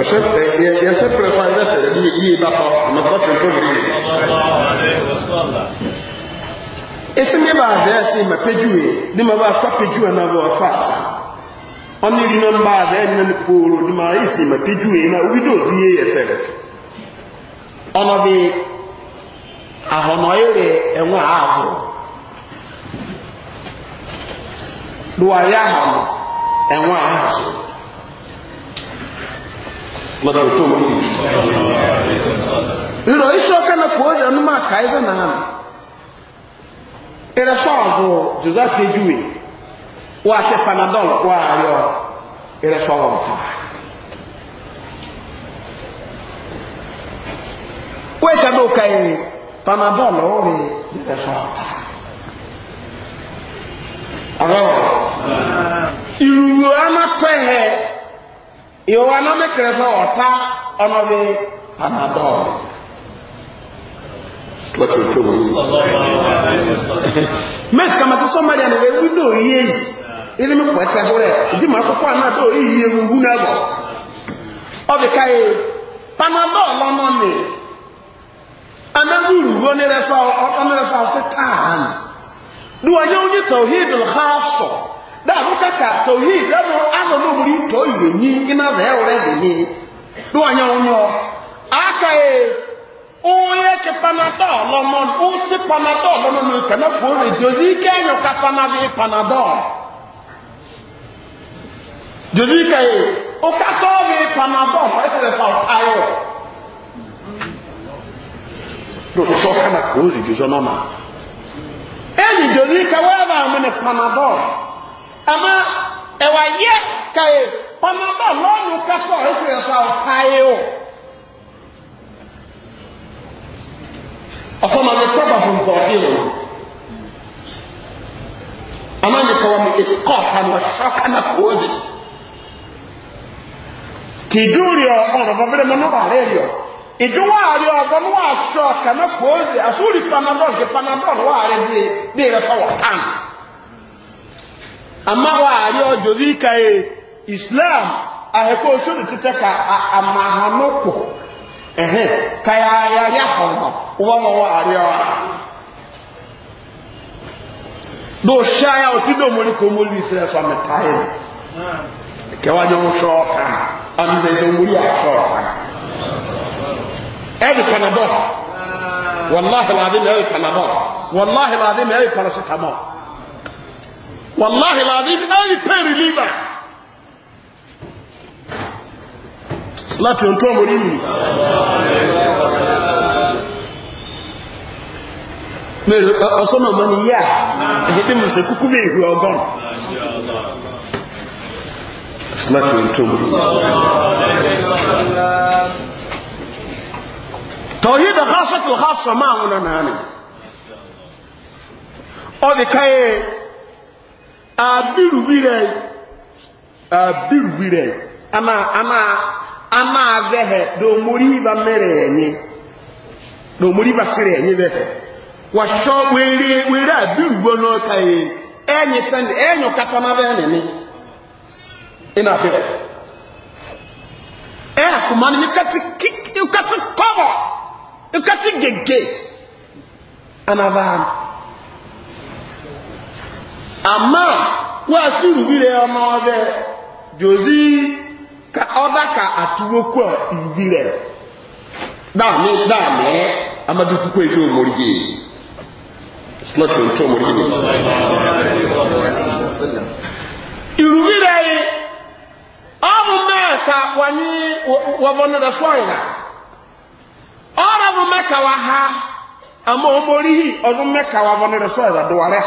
Speaker 1: ọ̀ṣẹ́ ẹ̀ṣẹ́ pẹ̀lẹ́sán ilẹ̀
Speaker 2: tẹ̀lẹ̀ ní iye bá tọ́ àmọ́sọ́tún tó rí rí
Speaker 1: ìsinmi bá àdẹ́ẹ̀sì mẹ́pẹ́júwe ní ma bá pápẹ́júwe náà bọ́ sáàsà ọ́nà ìrìnà ń bá àdẹ́ẹ̀ni ní pòòrò ní ma ìsìn na náà wídò fi yé yẹ tẹ̀lẹ̀ ọ̀nà bí àhọ̀nà èrè ẹ̀wọ̀n ààfọ̀ lùwàrí àhọ̀nà ẹ̀wọ̀n lọ́dọ̀ tó mú ní ìrọ̀ iṣẹ́ ọkà náà kò rẹ̀ ọ̀nà máa kàíṣẹ́ náà nù ìrẹ̀ sọ́rọ̀ zọ jùzá péjúwe wọ́n àṣẹ panadol wọ́n àárẹ̀ ọ ìrẹ̀ sọ́rọ̀ tó wọ́n ìka náà kà panadol ó rí ìrẹ̀ sọ́rọ̀ tó ọ̀rọ̀ ìrùwò anatọ́ ẹ̀hẹ́ ìwọ aná mẹ́kẹrẹ sọ ọta panadol lọ́tí ojú omi mẹ́sì àná ewu ní òye yìí ilé mi pọ̀ ẹ̀tẹ́ rẹ̀ ìdí mọ̀ akọ́kọ́ àná àdó yìí ewu wú náà bọ̀ ọ̀bì káyé panadol lọ́nà mi anáwúrú onírẹ́sọ̀ ọ̀sẹ̀ ha sọ̀ dáàbò kàkà tòyí ìdánù azọlómùrí tó ìwé ní iná rẹ̀ rẹ̀ lè ní ló wà nyẹ̀wò nyọ̀ aka yẹ e, oye ke panadol lọmọ osi panadol lọmọ mi kẹmẹ kó lè di odi kẹyọ ka panabi panadol jòdì e, kẹyẹ o ka tọ́ mi panadol ọ̀ ẹsẹ̀ lẹ́sà ayọ̀ lọ́sọ̀sọ̀ kẹmẹ kó lè di sọ́nọ́ ma ẹ̀yìn jòdì kẹwẹ́ bá mi ni panadol ama ɛwà yɛ kae ɔno bá lɔɔnu kakɔ ɛsɛ ɛsɛ awo kae o ɔfɔma mi sábà fún bɔɔdi o ama nipa wa mi esikɔ hanu ɛsɔka na kóozi tìdúri ɔ ɔnà bɔbɛrɛ mu n'ɔba rɛ yɔ ìdúwàárí ọgbọ́n wà sọ kànáà kóozi asúrì panadol di panadol wà rẹ di di rẹ sọ wọ kánò amma wa ariyo jozi kai e, islam a heko shuru tita ka a mahanoko ehe ka ya ya ya homa uwa ma wa ariyo do shaya otido mori ko mori isra so me tahe ke wa nyon shoka am ze ze mori a shoka ebi panadol wallahi alazim ebi panadol wallahi alazim ebi paracetamol Wallahi lazim any pain reliever. Láti ohun tó ọmọ nínú. Mẹ́rin ọ̀sán ọmọ ni yá, èyí tí mo ṣe kúkú bí ìhù ọgọ́n. Láti ohun tó ọmọ nínú. Tọ̀yí abiruwire abiruwire ama ama ama avehe domori ba mere enyi domori ba sere enyi vehe washo were were abiruwo no kai enyi send enyo katona vehe ni ina vehe eh kumani nikati kik ukati cover ukati gege anavaa ama wasirubire ya n'ọdẹ diozi ka ọda ka atuwokwu a irubire daani daani amadukwukwu eji omori yi sinọtụ ntụ omori yi irubire yi ọ bụ mee ka wanye wọbọnada sọyịna ọrụ bụ mee ka wa ha ama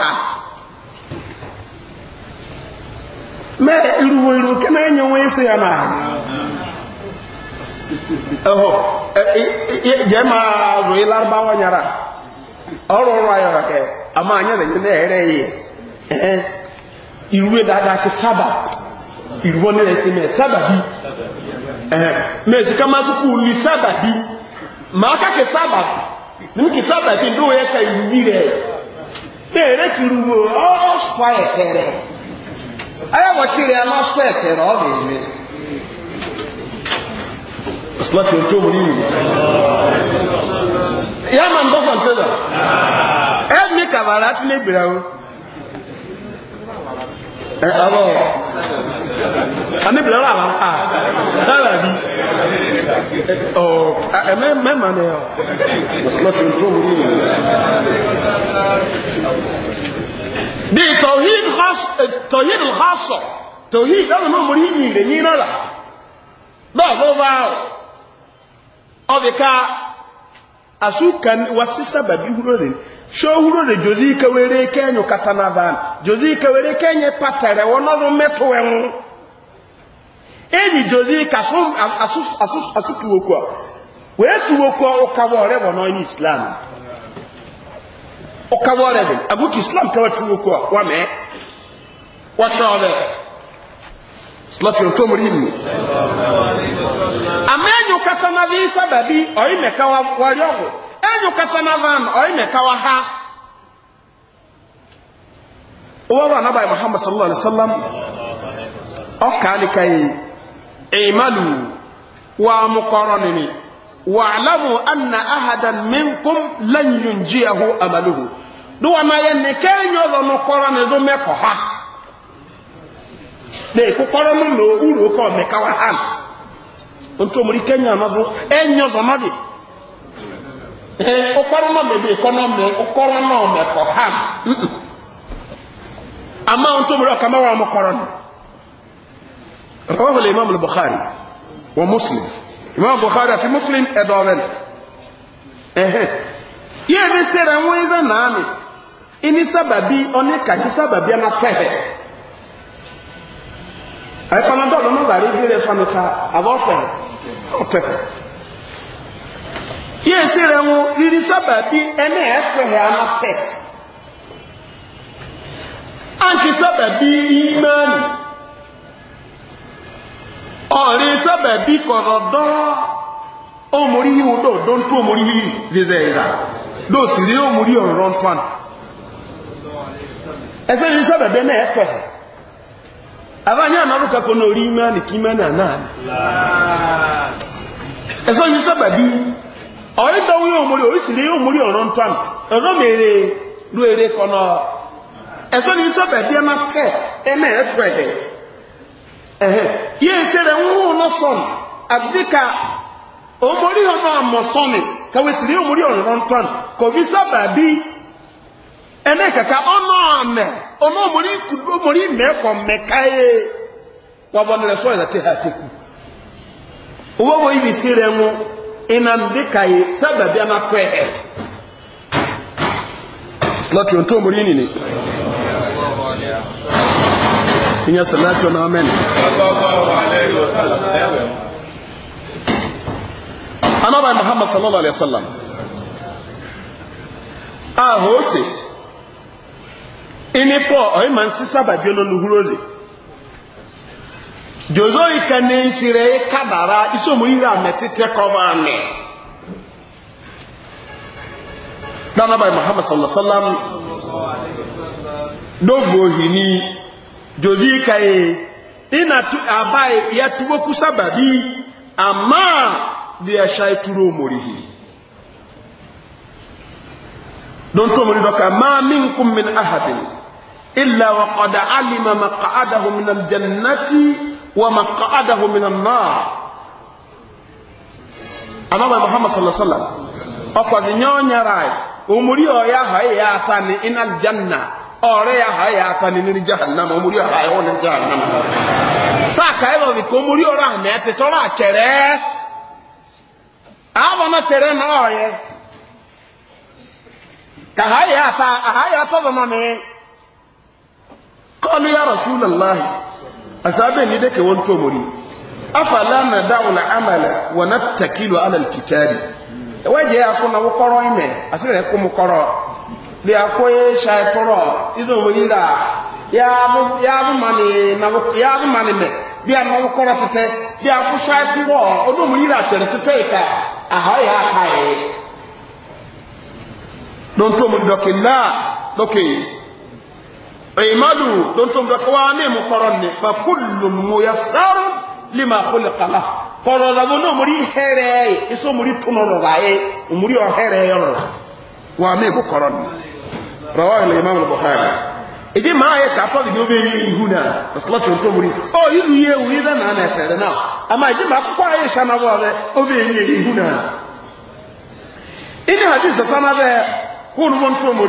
Speaker 1: ha. mee iruwo iruwo kí na-enye wọn ẹsẹ ya náà ẹhọ jẹ máa zọ yìí nyara ọrụ ọrọ ayọrọ kẹ àmọ ànyẹ lẹyìn náà ẹrẹ yìí ẹhẹ iruwe dáadáa kí sábà iruwo ní ẹsẹ mẹ sábà bí ẹhẹ mẹ ẹsẹ ká máa kúkú ní ayabɔkyere ama sɔ ɛtɛrɛ ɔbɛ ɛmɛ silati otu omu n'iyi ya ma mbɔ fantela ɛmi kabara ati n'egbere awo ɛ awɔ anibere awo awa ha awa bi ɔ ɛmɛ mɛma ni ɔ silati otu omu n'iyi di tawhid khas eh, tawhid al khassa tawhid da mo mori ni le ni nara ba bo ba o de ka asukan wasi sababi huro ni so huro de jozi ka were kenyo katana dan jozi ka were kenye patere wono do eni jozi ka asu asu asu tuwo kwa we tuwo kwa islam ɔkawɔ rɛ bi agogo islam kawa tu wo ko a wa mɛ wɔsɔ rɛ silafin tó mo rí mi. àmì ẹ̀yìn katana bí sábàbí ọ̀yìn mẹ́ka wà rí ọ̀gọ̀ ẹ̀yìn katana van ọ̀yìn mẹ́ka wà ha. wọ́n wà nábàá muhammad sallallahu alayhi wa sallam ọ̀ka yìí ìmàlù wà á mú nìyí wà á lámù anna ahadan minkum lẹ́yìn jíahu amaluhu. duwa ma yɛ ne kɛnyɛ ɔlɔ no kɔrɔ ha de ko kɔrɔ mu no uro kɔ mɛ kawa ha ntomori kɛnyɛ no zo ɛnyɛ zɔ ma bi ɛɛ ɔkɔrɔ nɔ mɛ bi kɔnɔ mɛ ɔkɔrɔ nɔ mɛ ha ama ntomori ɔkama wa mo kɔrɔ no rɔhɔlɛ imam bukhari wa muslim imam bukhari ati muslim ɛdɔɔbɛn ɛhɛ yɛ ne sɛrɛ ŋun yi zɛ naani. ini sababi ɔne kaki sababi ana tɛhɛ ɛkpana dɔdɔ no bari bi rɛ fani ta abɔ tɛhɛ ɔtɛhɛ yɛsi rɛ ŋo ini sababi ɛnɛ ɛtɛhɛ ana tɛ anki sababi imani ɔri sababi kɔrɔdɔ ɔmori yi wo do do ntu ɔmori yi zezɛ yi la do siri ɔmori ɔrɔrɔ ntu ana. ẹsẹ ní eme bẹ náà ẹtọ ẹ àbáyé ànáró kakọ náà náà náà ẹsẹ ní sábà bí ọyẹ dánwó yóò mórí oríṣiríṣi yóò mórí ọ̀rọ̀ ntọ́ mi ọ̀rọ̀ mèrè ló eré kọ náà ẹsẹ ní sábà bí ẹmá tẹ ẹmẹ ẹtọ ẹ dẹ ẹhẹ ẹsẹ rẹ ń wọn náà sọm àbíkà ọ̀nà ẹnẹ kẹkẹ ọnụ ọmẹ ọmọ ọmọdé kudu ọmọdé mẹkọ mẹkáyé wàbọnulẹ sọ yẹn tẹ ha tẹku owó ibi si rẹ ŋu ìnàndíkàyé sábàbí anatọ ẹ lọtí ohun tó mú rí na ìyẹn sọláàtì ọ̀nà amẹ́ni anábàá muhammad sallallahu alayhi ini pọ ọ ịma nsị sababi ono n'uhuru ozi jozo ike n'esire kadara isi omurire ametite kọva amị danabai muhammad sallallahu alaihi wasallam dogo hini jozo ike e ina tu abai ya tuwo ku sababi ama bi ya shai turo omurihi don to omuri doka ma minkum min ahadin إلا وقد علم مقعده من الجنة ومقعده من النار أنظر محمد صلى الله عليه وسلم أقول نيون يراي أمري يا هاي يا تاني إن الجنة أري يا هاي يا تاني من جهنم أمري يا هاي هون الجهنم ساكا إذا بك أمري ورحمة تطلع كره أبنا ترين أري كهاي يا تاني هاي يا تاني قالوا يا رسول الله أصابني دك وانتمري أفلا ندع العمل ونتكل على الكتاب وجه يكون وقرأ إمه أصير يكون مقرأ ليكون شاطرا إذا مريلا يا أبو يا أبو ماني نبو يا أبو ماني مه بيا نبو قرأ تته بيا أبو شاطرا أدو مريلا ترى تته إكا أهاي هاي دون تومر دكلا دكلا imalu don tum da kwa ne mu koron ne fa kullu lima iso ya ka fa video be yi huna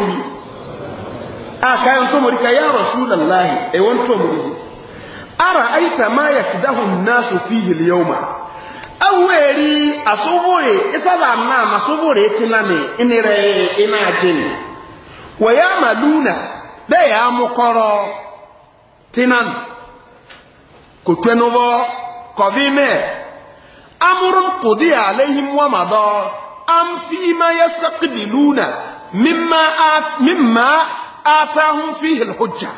Speaker 1: na akayan to mori ka ya rasulullahi e won to mori ara aita ma yakdahu an-nasu fihi al-yawma aweri asubure isala na masubure tinani inire ina jin wa yamaluna da ya mukoro tinan kotwenobo kovime amrun qudi alaihim wa madar am fi ma yastaqbiluna mimma mimma آتاهم فيه الحجة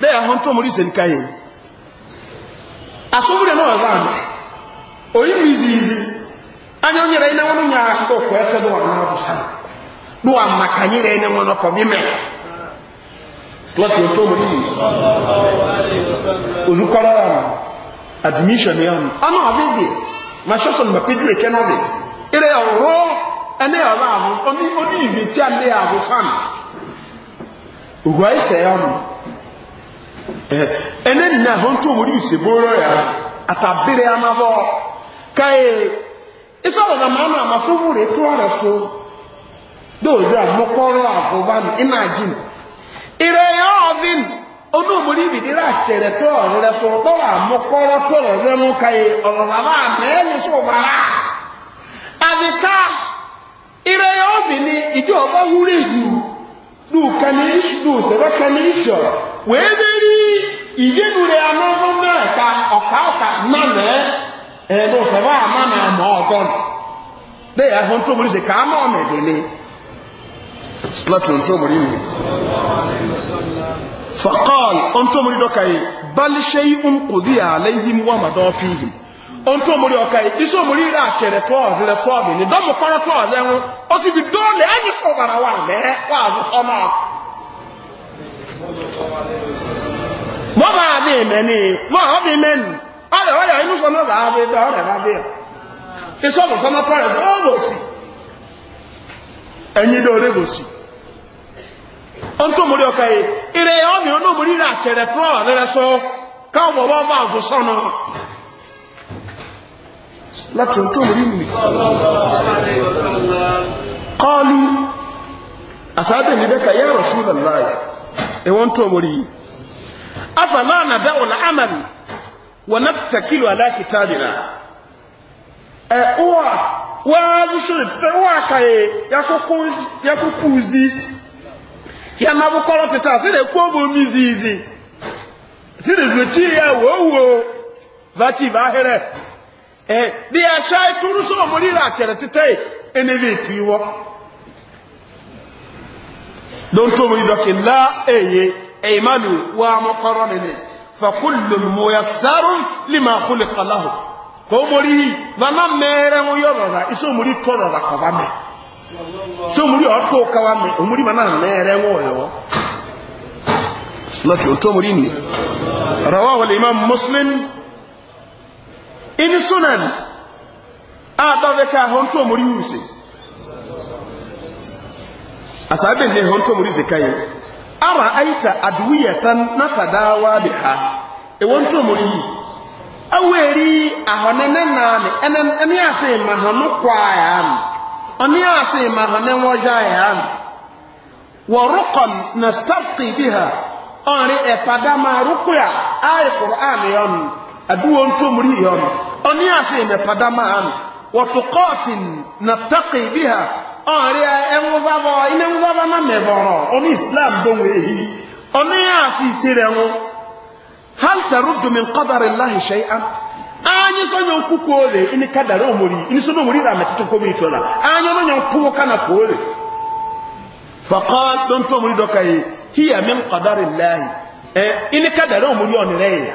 Speaker 1: ده هم توم ريسن كاين أصبر نوع الرام أي ميزيزي أنا أني رأينا ونو نيا أكو أكدو أنا أفسان لو أما كاني Admission ya uro. Ene ya rahu. Oni ivi tia ne ògùn àìsẹ̀ ọmọ ẹ̀ẹ́nẹ́ nìna ẹ̀họ́ tó mú ní ìṣègbóró rẹ̀ àtàbírí amábọ́ na ma mọ́nà amasị rẹ̀ tó rẹ̀ so lóòjọ́ na. àbúvánù iná so lọ́wọ́ a tó rẹ̀ rẹ̀ mú káyé ọ̀rọ̀ bàbá àmẹ́yẹ sọ̀bàrà ire ya ọ̀vin ni ìjọ ọ̀bá wúrí ìlú du sɛbɛ kani sɔ wee bɛ ni ìdénu rɛ anɔnɔ náà ka ɔka ɔka nanɛ ɛnu sɛbɛ ama na mɔ ɔgɔn ne yɛ ahɔn tó mo ní sè ká ama ɔmɛ délé silatu ntó mo ní mi fakɔl ntó mo ní dɔ onto omuli okai isi omuli ire akyere to ɔhwere so ɔbi ne dɔm kɔrɔ to ɔhwɛ ho ɔsi bi dɔɔle anyi so wa mɛɛ wa azo sɔmɔ bɔbɔ adi mɛni mɔ ɔbi mɛni ɔlɛ ɔlɛ ɔyinu sɔ n'ɔlɛ abi bɛ ɔlɛ abi yɛ isi ɔbɔ sɔmɔ tɔlɛ fɛ si ɛnyi dɛ ɔlɛ si onto omuli ire ɔbi ɔno ire akyere to ɔhwere so káwọn bɔbɔ ɔbɔ látún tó mú rí mi kọlu asáàbẹ̀ ní dẹ́ka yẹ́ rọ̀ ṣúlọ̀ láyé ẹwọ́n tó mú rí afẹ́lá na dáwọ̀ la'amari wọ́n na takilu alákìtàbìnà ẹ̀ wọ́n wọ́n ṣúlẹ̀ títẹ́ wọ́n àkàyè yakókú zi yẹ́ máa bú kọ́rọ̀ títà sílẹ̀ kó bó mi zizi sílẹ̀ zuwẹ́tí yẹ wọ́wọ́ vati eh bi a sha turu so mo rira kere tete ene bi tiwo don to mo ri dokin la eye imanu wa muqarrana fa kullu muyassarun lima khuliqa lahu ko mo ri bana mere mo yorora iso mo ri torora ko ba me so mo ri o to ka wa me o mo ri mana mere wo yo lati o to mo ri ni rawahu al imam ini sunan ababeka honto muri yuse asabe ne honto muri zekaye ara aita adwiyatan da biha e wonto muri aweri ahonene na ne enen ene ase ma hono kwaaya oni ase ma hono wojaaya wa ruqan nastaqi biha ari epada ma ruqya ay qur'an yon aduwo ntomri yon oni ase me padama an wa na taki biha ori enwo babo ine enwo baba na me boro oni islam don we hi oni ase sire nwo hal taruddu min qadari allah shay'an anyi so nyon kuku ole ini kadara omori ini so no mori ra metito ko mi tola anyi no nyon kana ko ole faqal don to mori dokai hiya min qadari lahi eh ini kadara omori oni reya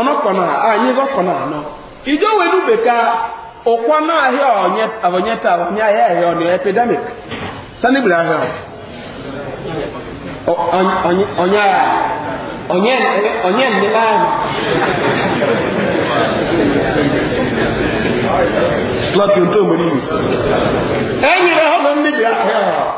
Speaker 1: ọnọkwana anyị gọkwana anọ ijo wenu beka ụkwa na ahịa onye ahịa epidemic ahịa onye onye onye enyere e ahụ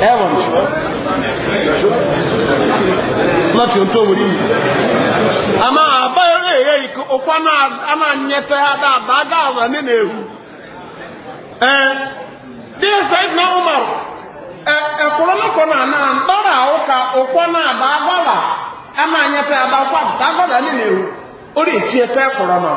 Speaker 1: ẹwọ̀n láti ohun tó wù nínú àmà àbáyọrẹ èyẹ ikú ọkọ náà nyẹtẹ àdáàdá gáàzà nínú ewu ẹ díẹ̀ sẹ́yìn náà ọmọ ẹ̀kọ́rọ́ lọ́kọ̀ náà náà dọ́rọ̀ àwọ́ka ọkọ náà dágbọ́là àmà nyẹtẹ àdáàkọ́ dágbọ́là nínú ewu ó ẹtẹ náà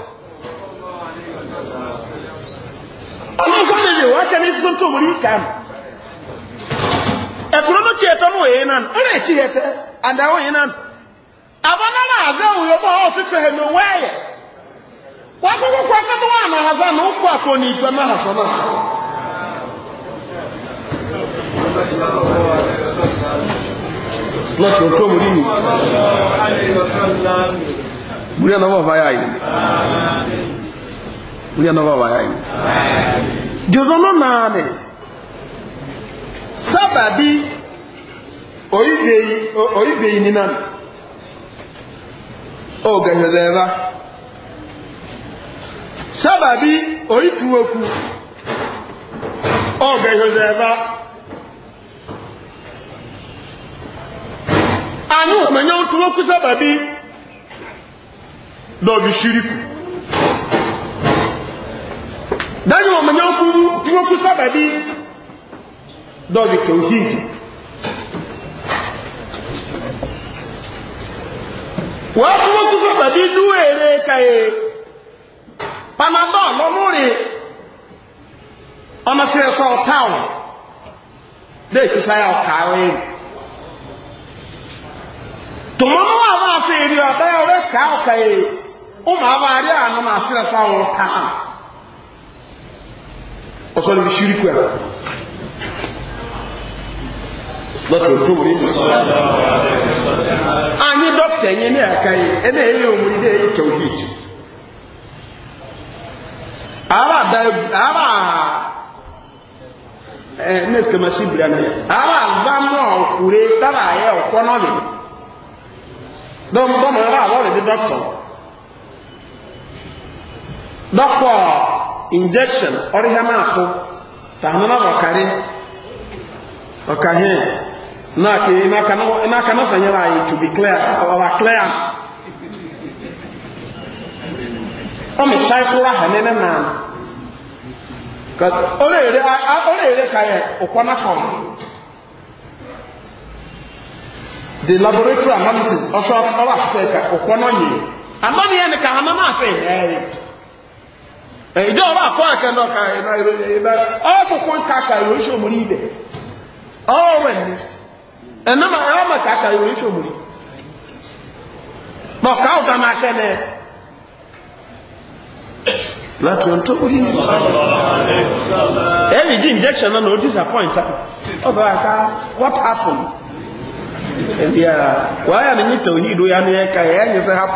Speaker 1: ọmọsọ́mẹ́lẹ̀ wọ́n kẹ́ ní sísun tó múrí kàánù ẹ̀kùnrin ló ti ẹ̀tọ́ mú èyí náà ó lè ti ẹ̀tẹ́ àdáwọ̀ èyí náà àbánára àzẹ́ òyò bọ́ ọ́ fífẹ́ ẹ̀mí wẹ́ẹ̀yẹ̀ uliana baba yangu jozono nane sababi oiveyi oiveyi ni nani ogahedeva sababi oituweku ogahedeva anyi wamenya otuweku sababi dobishiriku dáyé wọn mẹ́yàn fún tí wọ́n kú sábàbí dọ́bì dị. wọ́n fún wọ́n kú sábàbí ní èrè kàyè panadol lọ́múrì ọmọ sí ẹ̀sọ́ ó máa bá rí àwọn ẹ̀sọ́ ọ̀sọ́lẹ̀ ìṣíríkù ẹ̀ lọ́tọ̀ tó mú ní anyị dọ́kta enye ní aka yìí ẹnẹ́ èyí òmùrí ní èyí tawhid ara ẹ̀ẹ́nẹ́sìkẹ̀mẹ́sì bìrẹ̀ ara àzámọ́ ọ̀kùnrin dára ayẹ́ ọ̀pọ̀ náà dọ́mọ̀ ẹ̀rọ àwọ̀ rẹ̀ ní dọ́kta dọ́kọ̀ injection ọrịa na-atụ na ọkari ọkahe n'aka na anyị to be clear our clear ọ aha nene na ka ya ụkwa na kọm the laboratory analysis ya ka ha na ẹ̀jọ́ ọba àkọ́ àkẹ́ndọ̀ ka ẹ̀nà ìròyìn ẹ̀bẹ̀ ọkùnkùn kàkà ìròyìn ṣòmùrí ibẹ̀ ọ̀rọ̀ ni ẹ̀nàmà ẹ̀rọ̀mà kàkà ìròyìn ṣòmùrí mọ̀ ká ọ̀gá máa kẹ́lẹ̀ láti ohun tó kúrí ẹ̀rì jí injection náà ó disappoint ọ̀sọ̀ àká what happened ẹ̀bí à wáyà ní ní ya ní ẹ̀ka ẹ̀yẹ́ ẹ̀yẹ́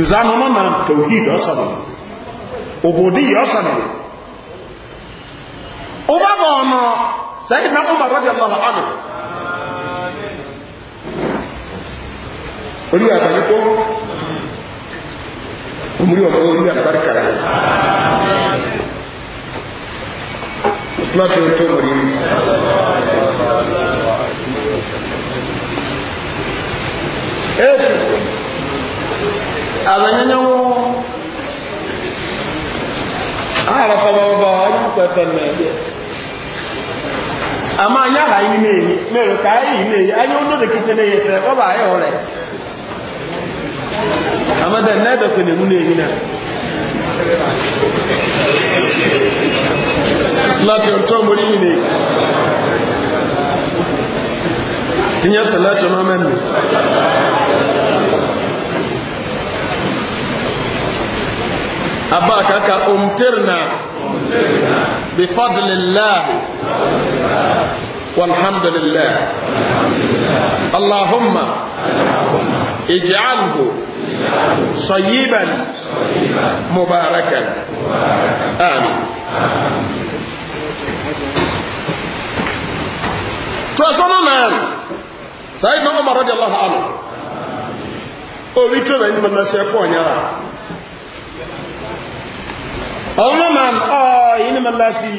Speaker 1: jùzánù náà na tawhid ọ̀sọ̀rọ̀ òbòdí yìí ọ̀sọ̀rọ̀ ó bá bọ̀ ọ̀nà sẹ́yìn náà ọmọ rọ́dì ọlọ́rọ̀ ọ̀nà orí àtàrí kó omúrí ọ̀pọ̀ orí àbáríkà rẹ̀ ìsìláṣẹ́ tó mọ̀rí ẹ̀ẹ́tù
Speaker 2: abanyanyawo
Speaker 1: arafa baba ọdún pẹpẹ mẹjẹ àmọ anyá ha yìí nìyí mẹrin ká yìí nìyí anyá ó na kété nìyí tẹ ọba ayé ọrẹ àmọ dẹ nẹẹdẹ kò na nìyí náà láti ọ̀tọ́ mọ̀rí yìí nìyí kínyẹ sẹlẹ tó máa أباكك أمترنا بفضل الله والحمد لله اللهم اجعله صيبا مباركا آمين تواصلنا سيدنا عمر رضي الله عنه أو بيتونا إنما الناس يقوى نيرا ọmọ ma ọ yìí ni mọlá sí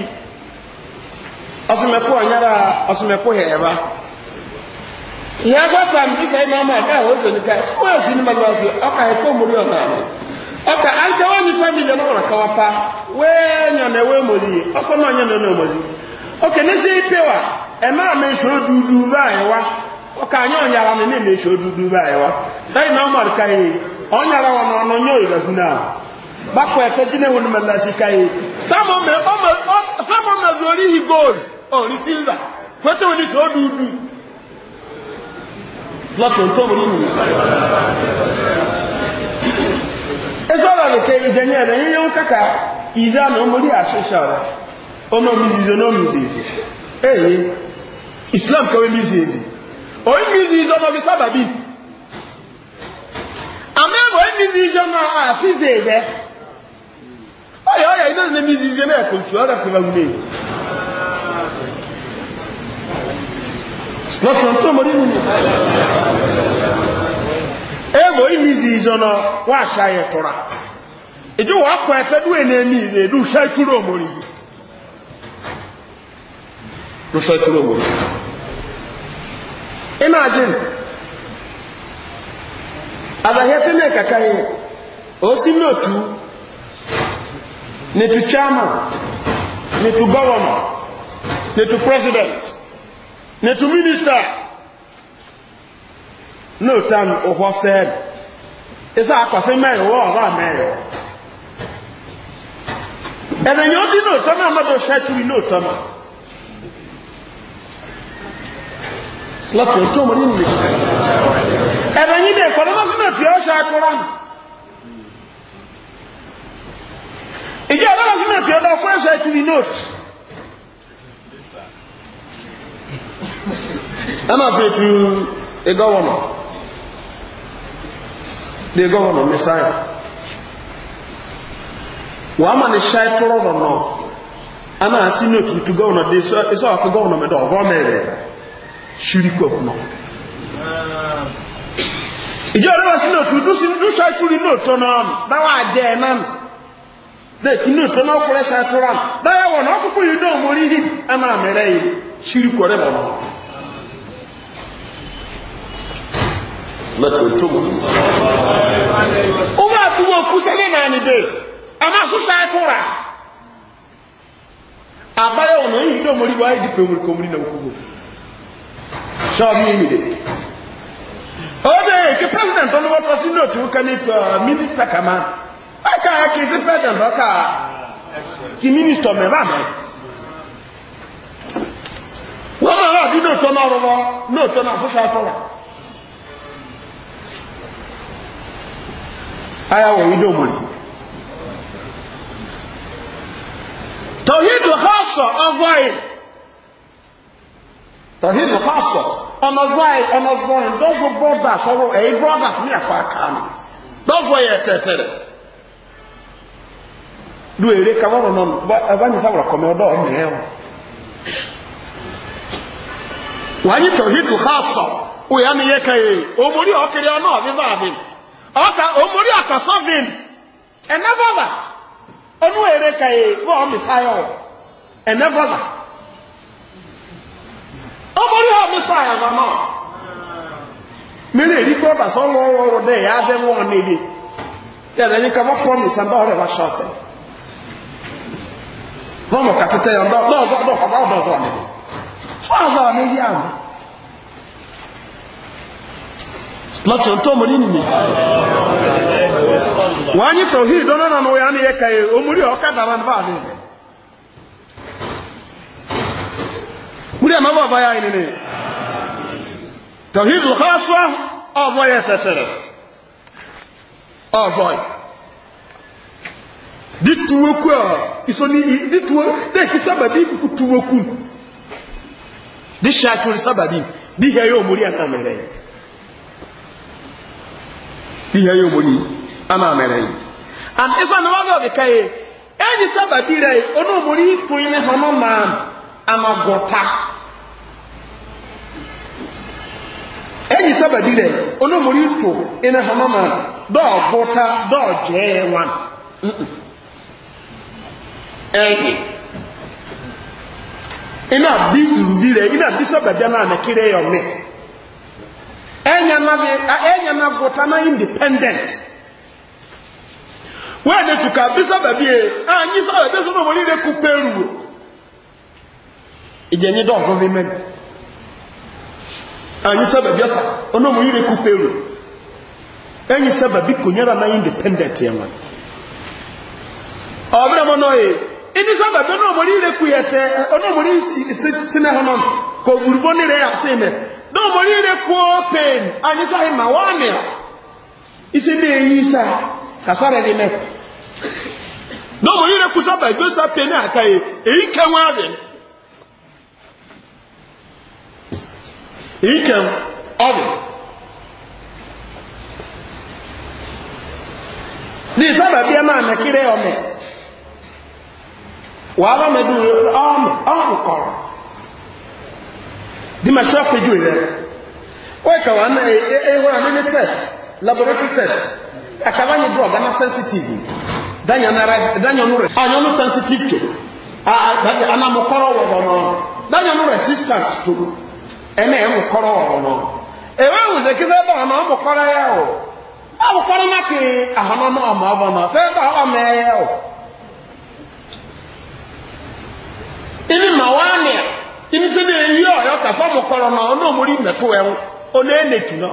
Speaker 1: ọsùnmẹkù ọnyára ọsùnmẹkù hẹẹba ìyá gbàgbà mi sẹ ẹni ọmọ ẹka ẹwọ sọni ká ẹsùn wọn sí ni mọlá onye ọkà ẹkọ mọlẹ ọmọ àná ọkà àìjẹ wọn ní fámìlì ọmọ kọlọ kọwọ pa wẹẹ yàn náà wẹẹ mọlẹ yìí ọkọ náà yàn náà mọlẹ ọkà na wa bakwa ete jine hun mela sika yi samo me o samo me zori hi gold o ri silver kwete woni so dudu lati onto mo ni ezola le iza na mo ri asesara ono mizizo no islam ka we mizizo o mizizo no bi sababi ọyọ na iná ní mi zizé náà kò sí ọ̀rẹ́ fún ẹgbẹ́ lọ́tún tó mọ̀ nínú ẹgbẹ́ ìmì zizé náà wà ṣáyẹ̀ wa ìdí wọ́n kọ ẹ̀fẹ́ dúwé ní ẹni ìrẹ̀ ìlú ṣẹ́ túrò mọ̀rí ṣẹ́ túrò mọ̀rí imagine àbáyẹ́tẹ́lẹ̀ kàkà yìí o si notu ne to chairman ne to governor ne to president ne to minister ne o tan o hɔ sɛɛ ɛsɛ akɔsɛ mɛyɔ wɔ ɔba mɛyɔ ɛnɛnyɛ ɔdi ne o tɔ na ama do hyɛ turi ne o tɔ ma láti nínú ìgbésẹ̀ ẹ̀rọ dẹ̀ kọ́ lọ́wọ́ sínú ẹ̀fì ìjẹ́ ọlọ́rọ̀ sí mẹ́fì ọdọ́ fún ẹ̀sọ́ ẹ̀tù ní nóòtù ẹ máa fi ètù ìgọ́wọ̀nà ní ìgọ́wọ̀nà mẹ́sáyà wàá mà ní ṣáì tọrọ nọ̀nà a náà sí nóòtù tu gọ́wọ̀nà dé ẹsọ́ àkọ́ gọ́wọ̀nà mẹ́dọ̀ ọ̀gọ́ mẹ́rẹ̀ ṣíríkọ̀ ọ̀nà ìjẹ́ ọlọ́rọ̀ sí nóòtù dúṣáì tù ní nóòtù náà dáwà jẹ́ náà da kinu to na kure sa tura da ya wona ku yi don mori hi amara mere yi shiri kore ba na to to o ma tu mo ku se na ni de ama su sa tura abaya wona yi don mori ba yi pe mori ko mori na ku go sha mi mi de o de ke president on wa pasi no to kanita minister kama ẹ̀ka kìí sí president lọ́ka ti minister mẹ́fà mẹ́ wọ́n máa wà sí lóòótọ́ náà rọwọ́ lóòótọ́ náà social tọ́wà ayáwọ̀ ìdó mọ̀lì tọ̀hídù hásọ̀ ọzọ́ì tọ̀hídù hásọ̀ ọ̀nọ̀zọ́ì ọ̀nọ̀zọ́ì dọ́zọ̀ brọ́dà sọ́rọ̀ ẹ̀yí brọ́dà fún ẹ̀kọ́ àkàánù dọ́zọ̀ yẹ tẹ̀tẹ̀rẹ̀ do ere ka wọn nọ ẹbáyé sáwọ̀rọ̀ kọ̀mẹ́ ọdọ́ ọmọ ẹ̀wọ̀n wà ní tọ̀hídù hásọ̀ òyà ni yẹ ka yẹ omori ọkiri ọ náà fífà àfin ọkà omori àkàsọ́ vin ẹ̀nẹ́bọ̀là ọnú ere ka yẹ bọ́ ọmọ ìsáyọ̀ ẹ̀nẹ́bọ̀là omori ọmọ ìsáyọ̀ ọmọ mẹ́rin èrí gbọ́dà sọ́wọ́ ọ̀rọ̀ dẹ̀ yà á fẹ́ wọ́n níbi yàrá yín ká wọ́n pọ́ọ̀mù ìsàmbá ọ̀rẹ́ wa ṣọ́ọ̀sẹ̀ vamos não não mọ̀ kàtẹ́tẹ́ yọ lọ́ọ̀zọ́ ọ̀dọ̀ọ̀dọ̀ níbi
Speaker 2: fún àzọ́ àmì ilé àmì
Speaker 1: lọ́tún tó mọ̀ nínú mi dona á yí tòhí ìdọ́nà náà wọ́n yá ní ẹ̀ka ẹ̀ omúrí ọ̀kadàrà ní báàlì rẹ̀ múrí ẹ̀mọ́ bọ̀ báyà yìí nìyí tòhí ìdùkọ́ sọ ọ̀vọ́ yẹ tẹ̀tẹ̀rẹ̀ ọ̀vọ́ yìí Di dituwoku a isoni di dituwo de ki sababi kutuwoku di shatul sababi di ya yo muri ana mere di ya yo muri ana mere an isa na wala bi kai enyi sababi re onu muri tu ne hono ma ana gota enyi sababi re onu muri tu ina hono ma do gota do je wan Ehi. ina bi durubi rɛ ina bi sɛ na amekere yɛ ɔmɛ ɛnya na bi na independent wɛn de tuka bi sɛ bɛbi yɛ a nyi sɛ bɛbi sɛ na wɔli de ku peru ìjẹni dɔɔso fi mɛ a nyi sɛ bɛbi sa ɔna wɔli de ku peru ɛnyi sɛ bɛbi kò nyɛ na na independent yɛ ma ɔbɛrɛ mɔ n'oye. ibi sábà bí ọ̀nàmọ̀rí rẹ̀ kú yẹtẹ ọ̀nàmọ̀rí tìǹẹ̀ hàn náà kò gbùrùgbọ́ ní rẹ̀ yà sí mẹ́ ọ̀nàmọ̀rí rẹ̀ kú pẹ̀n àníṣà ìmà wà mí à ìṣe ní èyí sá kàṣà rẹ̀ ní mẹ́ ọ̀nàmọ̀rí rẹ̀ kú sábà ìgbé sá ní àká èyí kẹwọn àbẹ̀ èyí kẹwọn ọ̀bẹ̀ ní sábà bí ẹ máa mẹ́kírẹ́ ọmọ wàhálà mẹ́dùn ọ̀mẹ́ ọ̀hún kọ̀rọ̀ di ma ṣọ́ọ̀pù ju rẹ̀ ó wà ní ní test laboratory test àkàbà yìí drug ana sensitive dányọ̀nù rẹ̀ ànyọ̀nù sensitive tó anamukọ́rọ̀ wọ̀rọ̀ nọ dányọ̀nù resistant tó ẹ̀mẹ́ ẹ̀mukọ́rọ̀ wọ̀rọ̀ nọ èwe ìwùsẹ̀ kí sẹ́bà àmà ọmọkọ́rọ̀ yẹ o náà kì í àhánà náà ọmọ ọmọ ọmọ o. ịnị ini mawania ini sɛ na eyi ɔyɛ ɔtafa mu kɔrɔ na ɔno omori mɛto ɛwo ɔno enetu na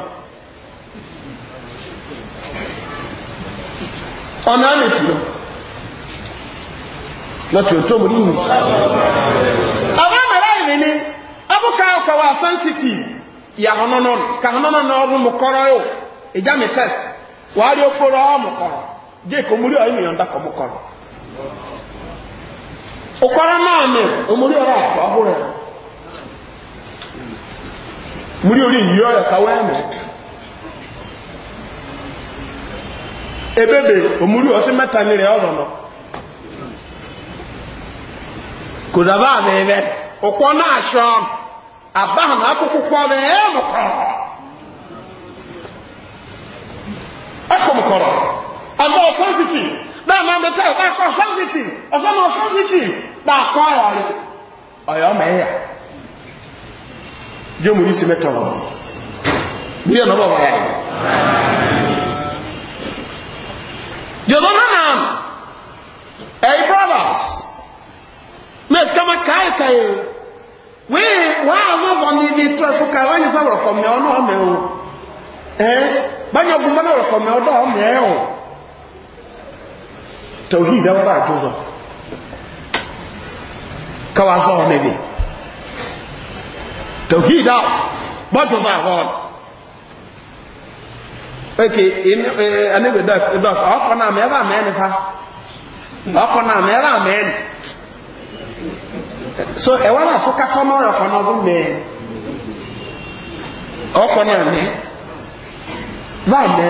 Speaker 1: ɔno anetu na na tuntun omori yi.
Speaker 2: àwọn mara yìí
Speaker 1: ni abuka akɔwà sensitive ka kàhónónó na ɔbu mu kɔrɔ yìí o ìjà mi test wàá rí okporo ɔmu kɔrɔ jake omori ọ mi yàn dàkɔ mu kɔrɔ. ụkwara naanị omori ọrụ atọ ọhụrụ ya mmiri ori yi ọrịa ka wee mee ebebe omori ọsị mẹta nyere ọrụ nọ kòdàbà àbẹ̀bẹ̀ ụkwọ na achọ abahụ na akwụkwọ kwọ bụ ya mụkọrọ ọ kọmkọrọ ama ọfọsiti náà máa ń bẹ tẹ́lẹ̀ káàkọ́ ṣọ́nsìtì ọ̀ṣọ́nà ṣọ́nsìtì dàkọ́ ọ̀yà rẹ̀ ọ̀yọ́ mẹ́yà yóò mú ìsì mẹ́tọ̀ wọn bí ọ̀nà bọ̀ wọ́n yà rẹ̀ jọ̀dọ̀ náà ẹ̀yí brothers mẹ́sì kama káàkiri wíì wọ́n àwọn ọ̀fọ̀ ní ibi tó ẹ̀fọ́ ká wọ́n yìí sábà ọ̀kọ̀ mẹ́ ọ náà mẹ́ o ẹ́ báyọ̀ gùn bá náà ọ̀kọ̀ mẹ́ ọdọ́ mẹ́ o tawhid an ba jozo kawa zo ne bi tawhid ba jozo awon eke in eh, anebe da da akọ na me ba me ne fa akọ na me ba me ne so e wa na so ka to mo e akọ na zo me akọ na me ba me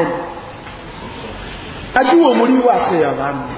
Speaker 1: ajuwo muri wa se ya ba me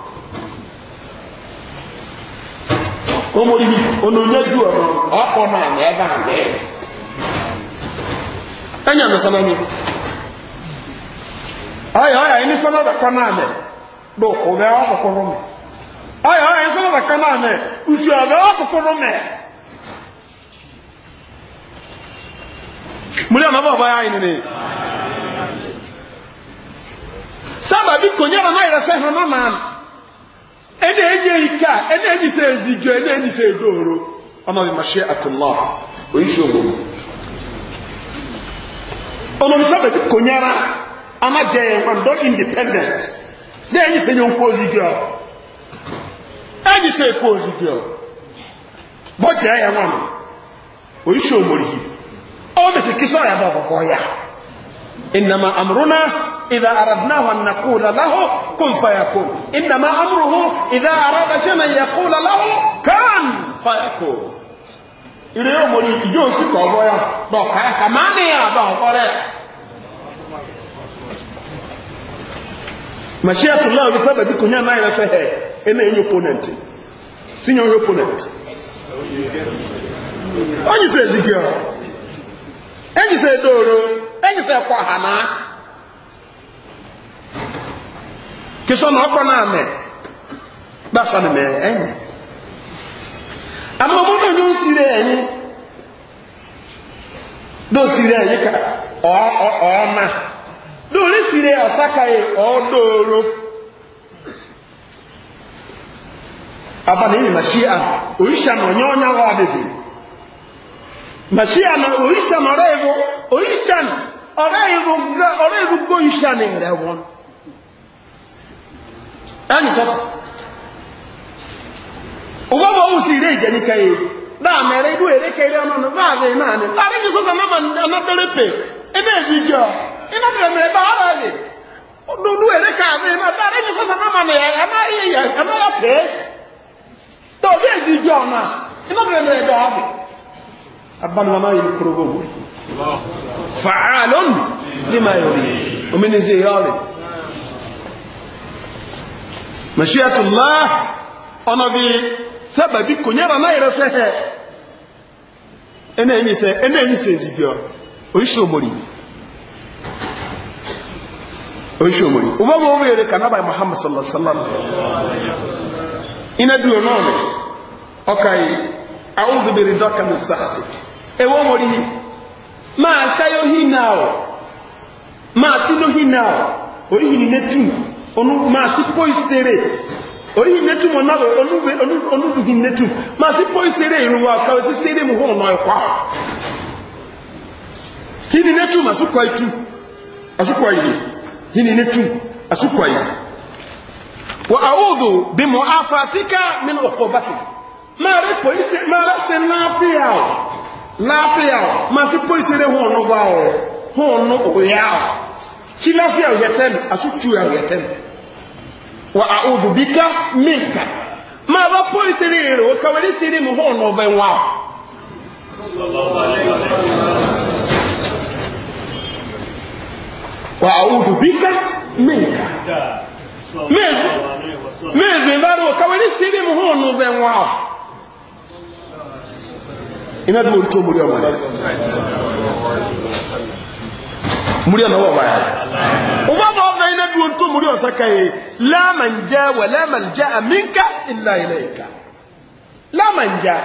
Speaker 1: ụmụ ononyeju ọ̀rọ̀ ọkọ̀ náà ní ẹ̀bá àmì ẹ̀yà ní sọ́nàmì ọ̀yà ọ̀yà ẹni sọ́nàdà kan náà mẹ́ lóòkù rẹ̀ ọkọ̀kọ̀rọ̀ mẹ́ ọ̀yà ọ̀yà ẹni sọ́nàdà kan náà mẹ́ ùsù ọ̀rẹ́ ọkọ̀kọ̀rọ̀ m múlẹ̀ ọ̀nà bọ̀ báyà ɛna enye ike a ɛna enyi sɛ ezidwo ɛna edooro ɔno de mahyɛ atulɔ oyi hyɛ omo mu ɔno nsa bɛbi independent na enyi sɛ nkwa ozidwo enyi sɛ eko ozidwo bɔtɛ yɛ wɔn oyi hyɛ o yi ɔno de kekisɛ ɔyɛ bɔ إنما أمرنا إذا أردناه أن نقول له كن فيكون إنما أمره إذا أراد شيئا يقول له كان فيكون ilé yóò mọ̀ ní ìjọ òsìkò ọ̀bọ̀ ya dọ̀ka ẹ̀ka máa ní àbá ọ̀bọ̀ rẹ̀ màṣí àtúnlá òbí sábà bí kò ní àná ìrẹsẹ̀ ẹ̀ ẹ̀nà ẹ̀yìn opponent senior opponent ó yìí sẹ́ ẹ̀zìgì ọ̀ ẹ̀yìn sẹ́ ẹ̀dọ́ ọ̀rọ̀ ẹ̀yìn sẹ́ kọ́ hà náà kí sọ́nà náà mẹ́ bá sọ́nà mẹ́ ẹ̀yìn àmọ́ ọmọ náà ló sire ẹ̀yìn ló sire ẹ̀yìn ká ọ̀ọ́nà lórí sire ọ̀sákàyè na onye ọnya Ma adịghị mashia na orisha nọrọ evo orisha ọ̀rẹ́ ìrúgbó iṣẹ́ ni rẹ̀ wọn ẹni sọ́sọ̀ ọgbọ́gbọ́ ohun sí ilé ìjẹ́ ní kẹyẹ ibú èrè kẹrẹ ọmọ láàrin náà ni láàrin sọ́sọ̀ anábẹ́rẹ́ pè ẹgbẹ́ ìjọ iná bẹ̀rẹ̀ mẹ́rẹ̀ bá ara rẹ̀ odòdó èrè kàrin náà láàrin sọ́sọ̀ anábẹ́rẹ́ pè fàálọ́n lima yorí omini sí yọrí mẹ́ṣíyàtùlá ọ̀nà bí sábàbí kò nyẹ́ra náà yẹrẹ fẹ́ hẹ́ ẹnẹ́ ẹ̀yìn sẹ́ ẹnẹ́ ẹ̀yìn sẹ́ ẹ̀zìgbọ́ oríṣẹ́ òmòrì oríṣẹ́ òmòrì ọba mọ̀ wọ́n yẹrẹ kanáà báyìí muhammad sallallahu alaihi wasallam iná dúró náà ọkà yìí àwọn òdòdó rí dọ́kà mi sáà ẹ̀wọ́n máa ṣáyọ́ hínà ọ̀ máa sí ló hínà ọ̀ oríhìn nẹ́tùm onú máa sí pọ́ ìṣẹ́rẹ̀ oríhìn nẹ́tùm ọ̀nàwọ̀ onúfùgín nẹ́tùm máa sí pọ́ ìṣẹ́rẹ̀ ìrùwà kàwẹ̀ sí ṣẹ́rẹ̀ mú ọ̀nà ẹ̀kọ́ hínì nẹ́tùm àsúkọ̀ yìí hínì nẹ́tùm àsúkọ̀ yìí baki áwòdò bí mọ̀ afratíkà mínú ọkọ̀ bákì máa pọ̀ ìṣẹ́ máa náà lafiya masu poisire hono bawo hono oya ki lafiya yetem asu chuya yetem wa a'udhu bika minka ma ba poisire re o kawari sire mu hono ba wa wa a'udhu bika minka
Speaker 2: me me
Speaker 1: zebaro kawari sire mu hono ba wa iná bí o tó múrí ọmọ rẹ̀ múrí ọ̀nà wọ̀wọ̀ rẹ̀ o bá fọ́ ọ̀fẹ́ iná bí o tó múrí ọ̀sá káyé lámàjá wà lámàjá àmínká ilá ilẹ̀ ìka lámàjá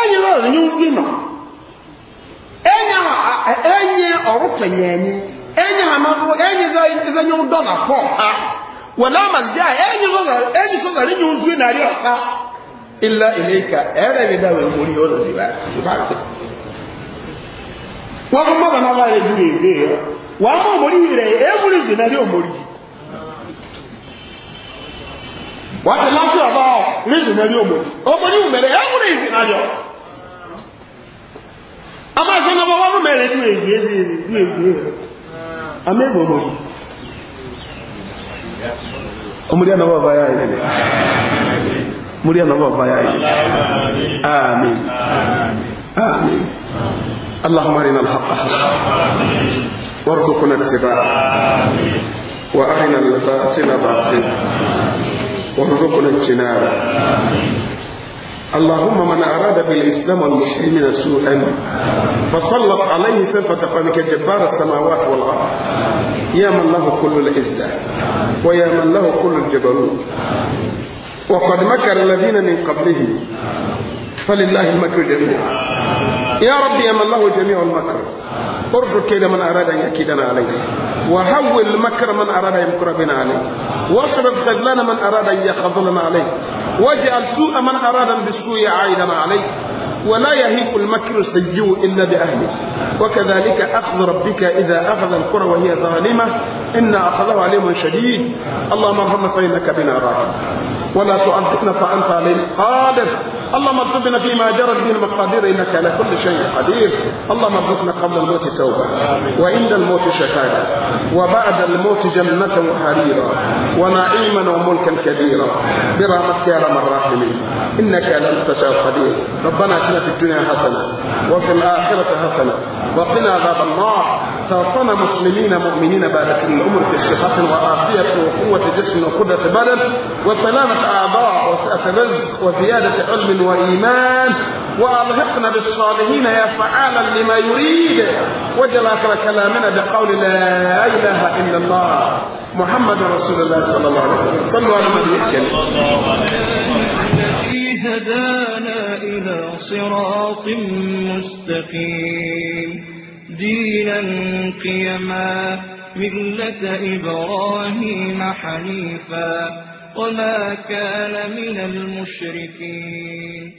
Speaker 1: ẹ̀yìn náà ní ojú nà ẹ̀yìn ọ̀rọ̀ fẹ̀yẹ̀ni ẹ̀yìn àmàfọ́ ẹ̀yìn ìzẹ́yìn ọdọ́ nà pọ̀ wà lámàjá ẹ̀yìn sọ̀rọ̀ ní ojú nà rí ọ̀fá ilá ilé ìka ẹ̀rẹ́ mi dáwọ̀ ìwò ní ọ̀rọ̀ sí báyìí ṣùgbọ́n wọ́n mọ́ bàbá bá rẹ̀ lúrẹ̀ èzé rẹ̀ wọ́n mọ́ mọ́rí rẹ̀ èébùrì sí náà ní òmórí wọ́n ti lásì ọ̀bá rí sí náà ní òmórí òmórí mẹ́rẹ̀ èébùrì sí náà yọ a máa sọ lọ́wọ́ wọ́n mẹ́rẹ̀ lú èzé rẹ̀ lú èzé rẹ̀ àmì muri ana baba yayi آمين آمين اللهم أرنا الحق حقا وارزقنا اتباعه وأرنا الباطل باطلا وارزقنا اجتنابه اللهم من أراد بالإسلام والمسلمين سوءا فسلط عليه سلفة قامك جبار السماوات والأرض يا من له كل العزة ويا من له كل الجبروت وقد مكر الذين من قبلهم فلله المكر جميعا يا رب يا من له جميع المكر ارد كيد من أراد أن يكيدنا عليه وهول مكر من أراد أن يمكر بنا عليه واصرف خذلان من أراد أن يخذلنا عليه واجعل سوء من أراد بالسوء عائدا عليه ولا يهيك المكر السيء إلا بأهله وكذلك أخذ ربك إذا أخذ القرى وهي ظالمة إن أخذه عليم شديد اللهم ارحمنا فإنك بنا راحم ولا تعذبنا فأنت علينا قادر اللهم ارزقنا فيما جرت به المقادير انك على كل شيء قدير اللهم ارزقنا قبل الموت توبه وعند الموت شهاده وبعد الموت جنه وحريرا ونعيما وملكا كبيرا برحمتك يا ارحم الراحمين انك على المتشاء قدير ربنا اتنا في الدنيا حسنه وفي الاخره حسنه وقنا عذاب الله توفنا مسلمين مؤمنين بعد العمر في الصحة والعافيه وقوة جسم وقدرة بدن وسلامة أعضاء وسعة رزق وزيادة علم وإيمان وألحقنا
Speaker 2: بالصالحين يا
Speaker 1: فعالا لما يريد وجل آخر كلامنا بقول لا إله إلا الله محمد رسول الله صلى الله عليه وسلم صلوا على النبي الكريم
Speaker 2: هدانا إلى صراط مستقيم دينا قيما ملة إبراهيم حنيفا وما كان من المشركين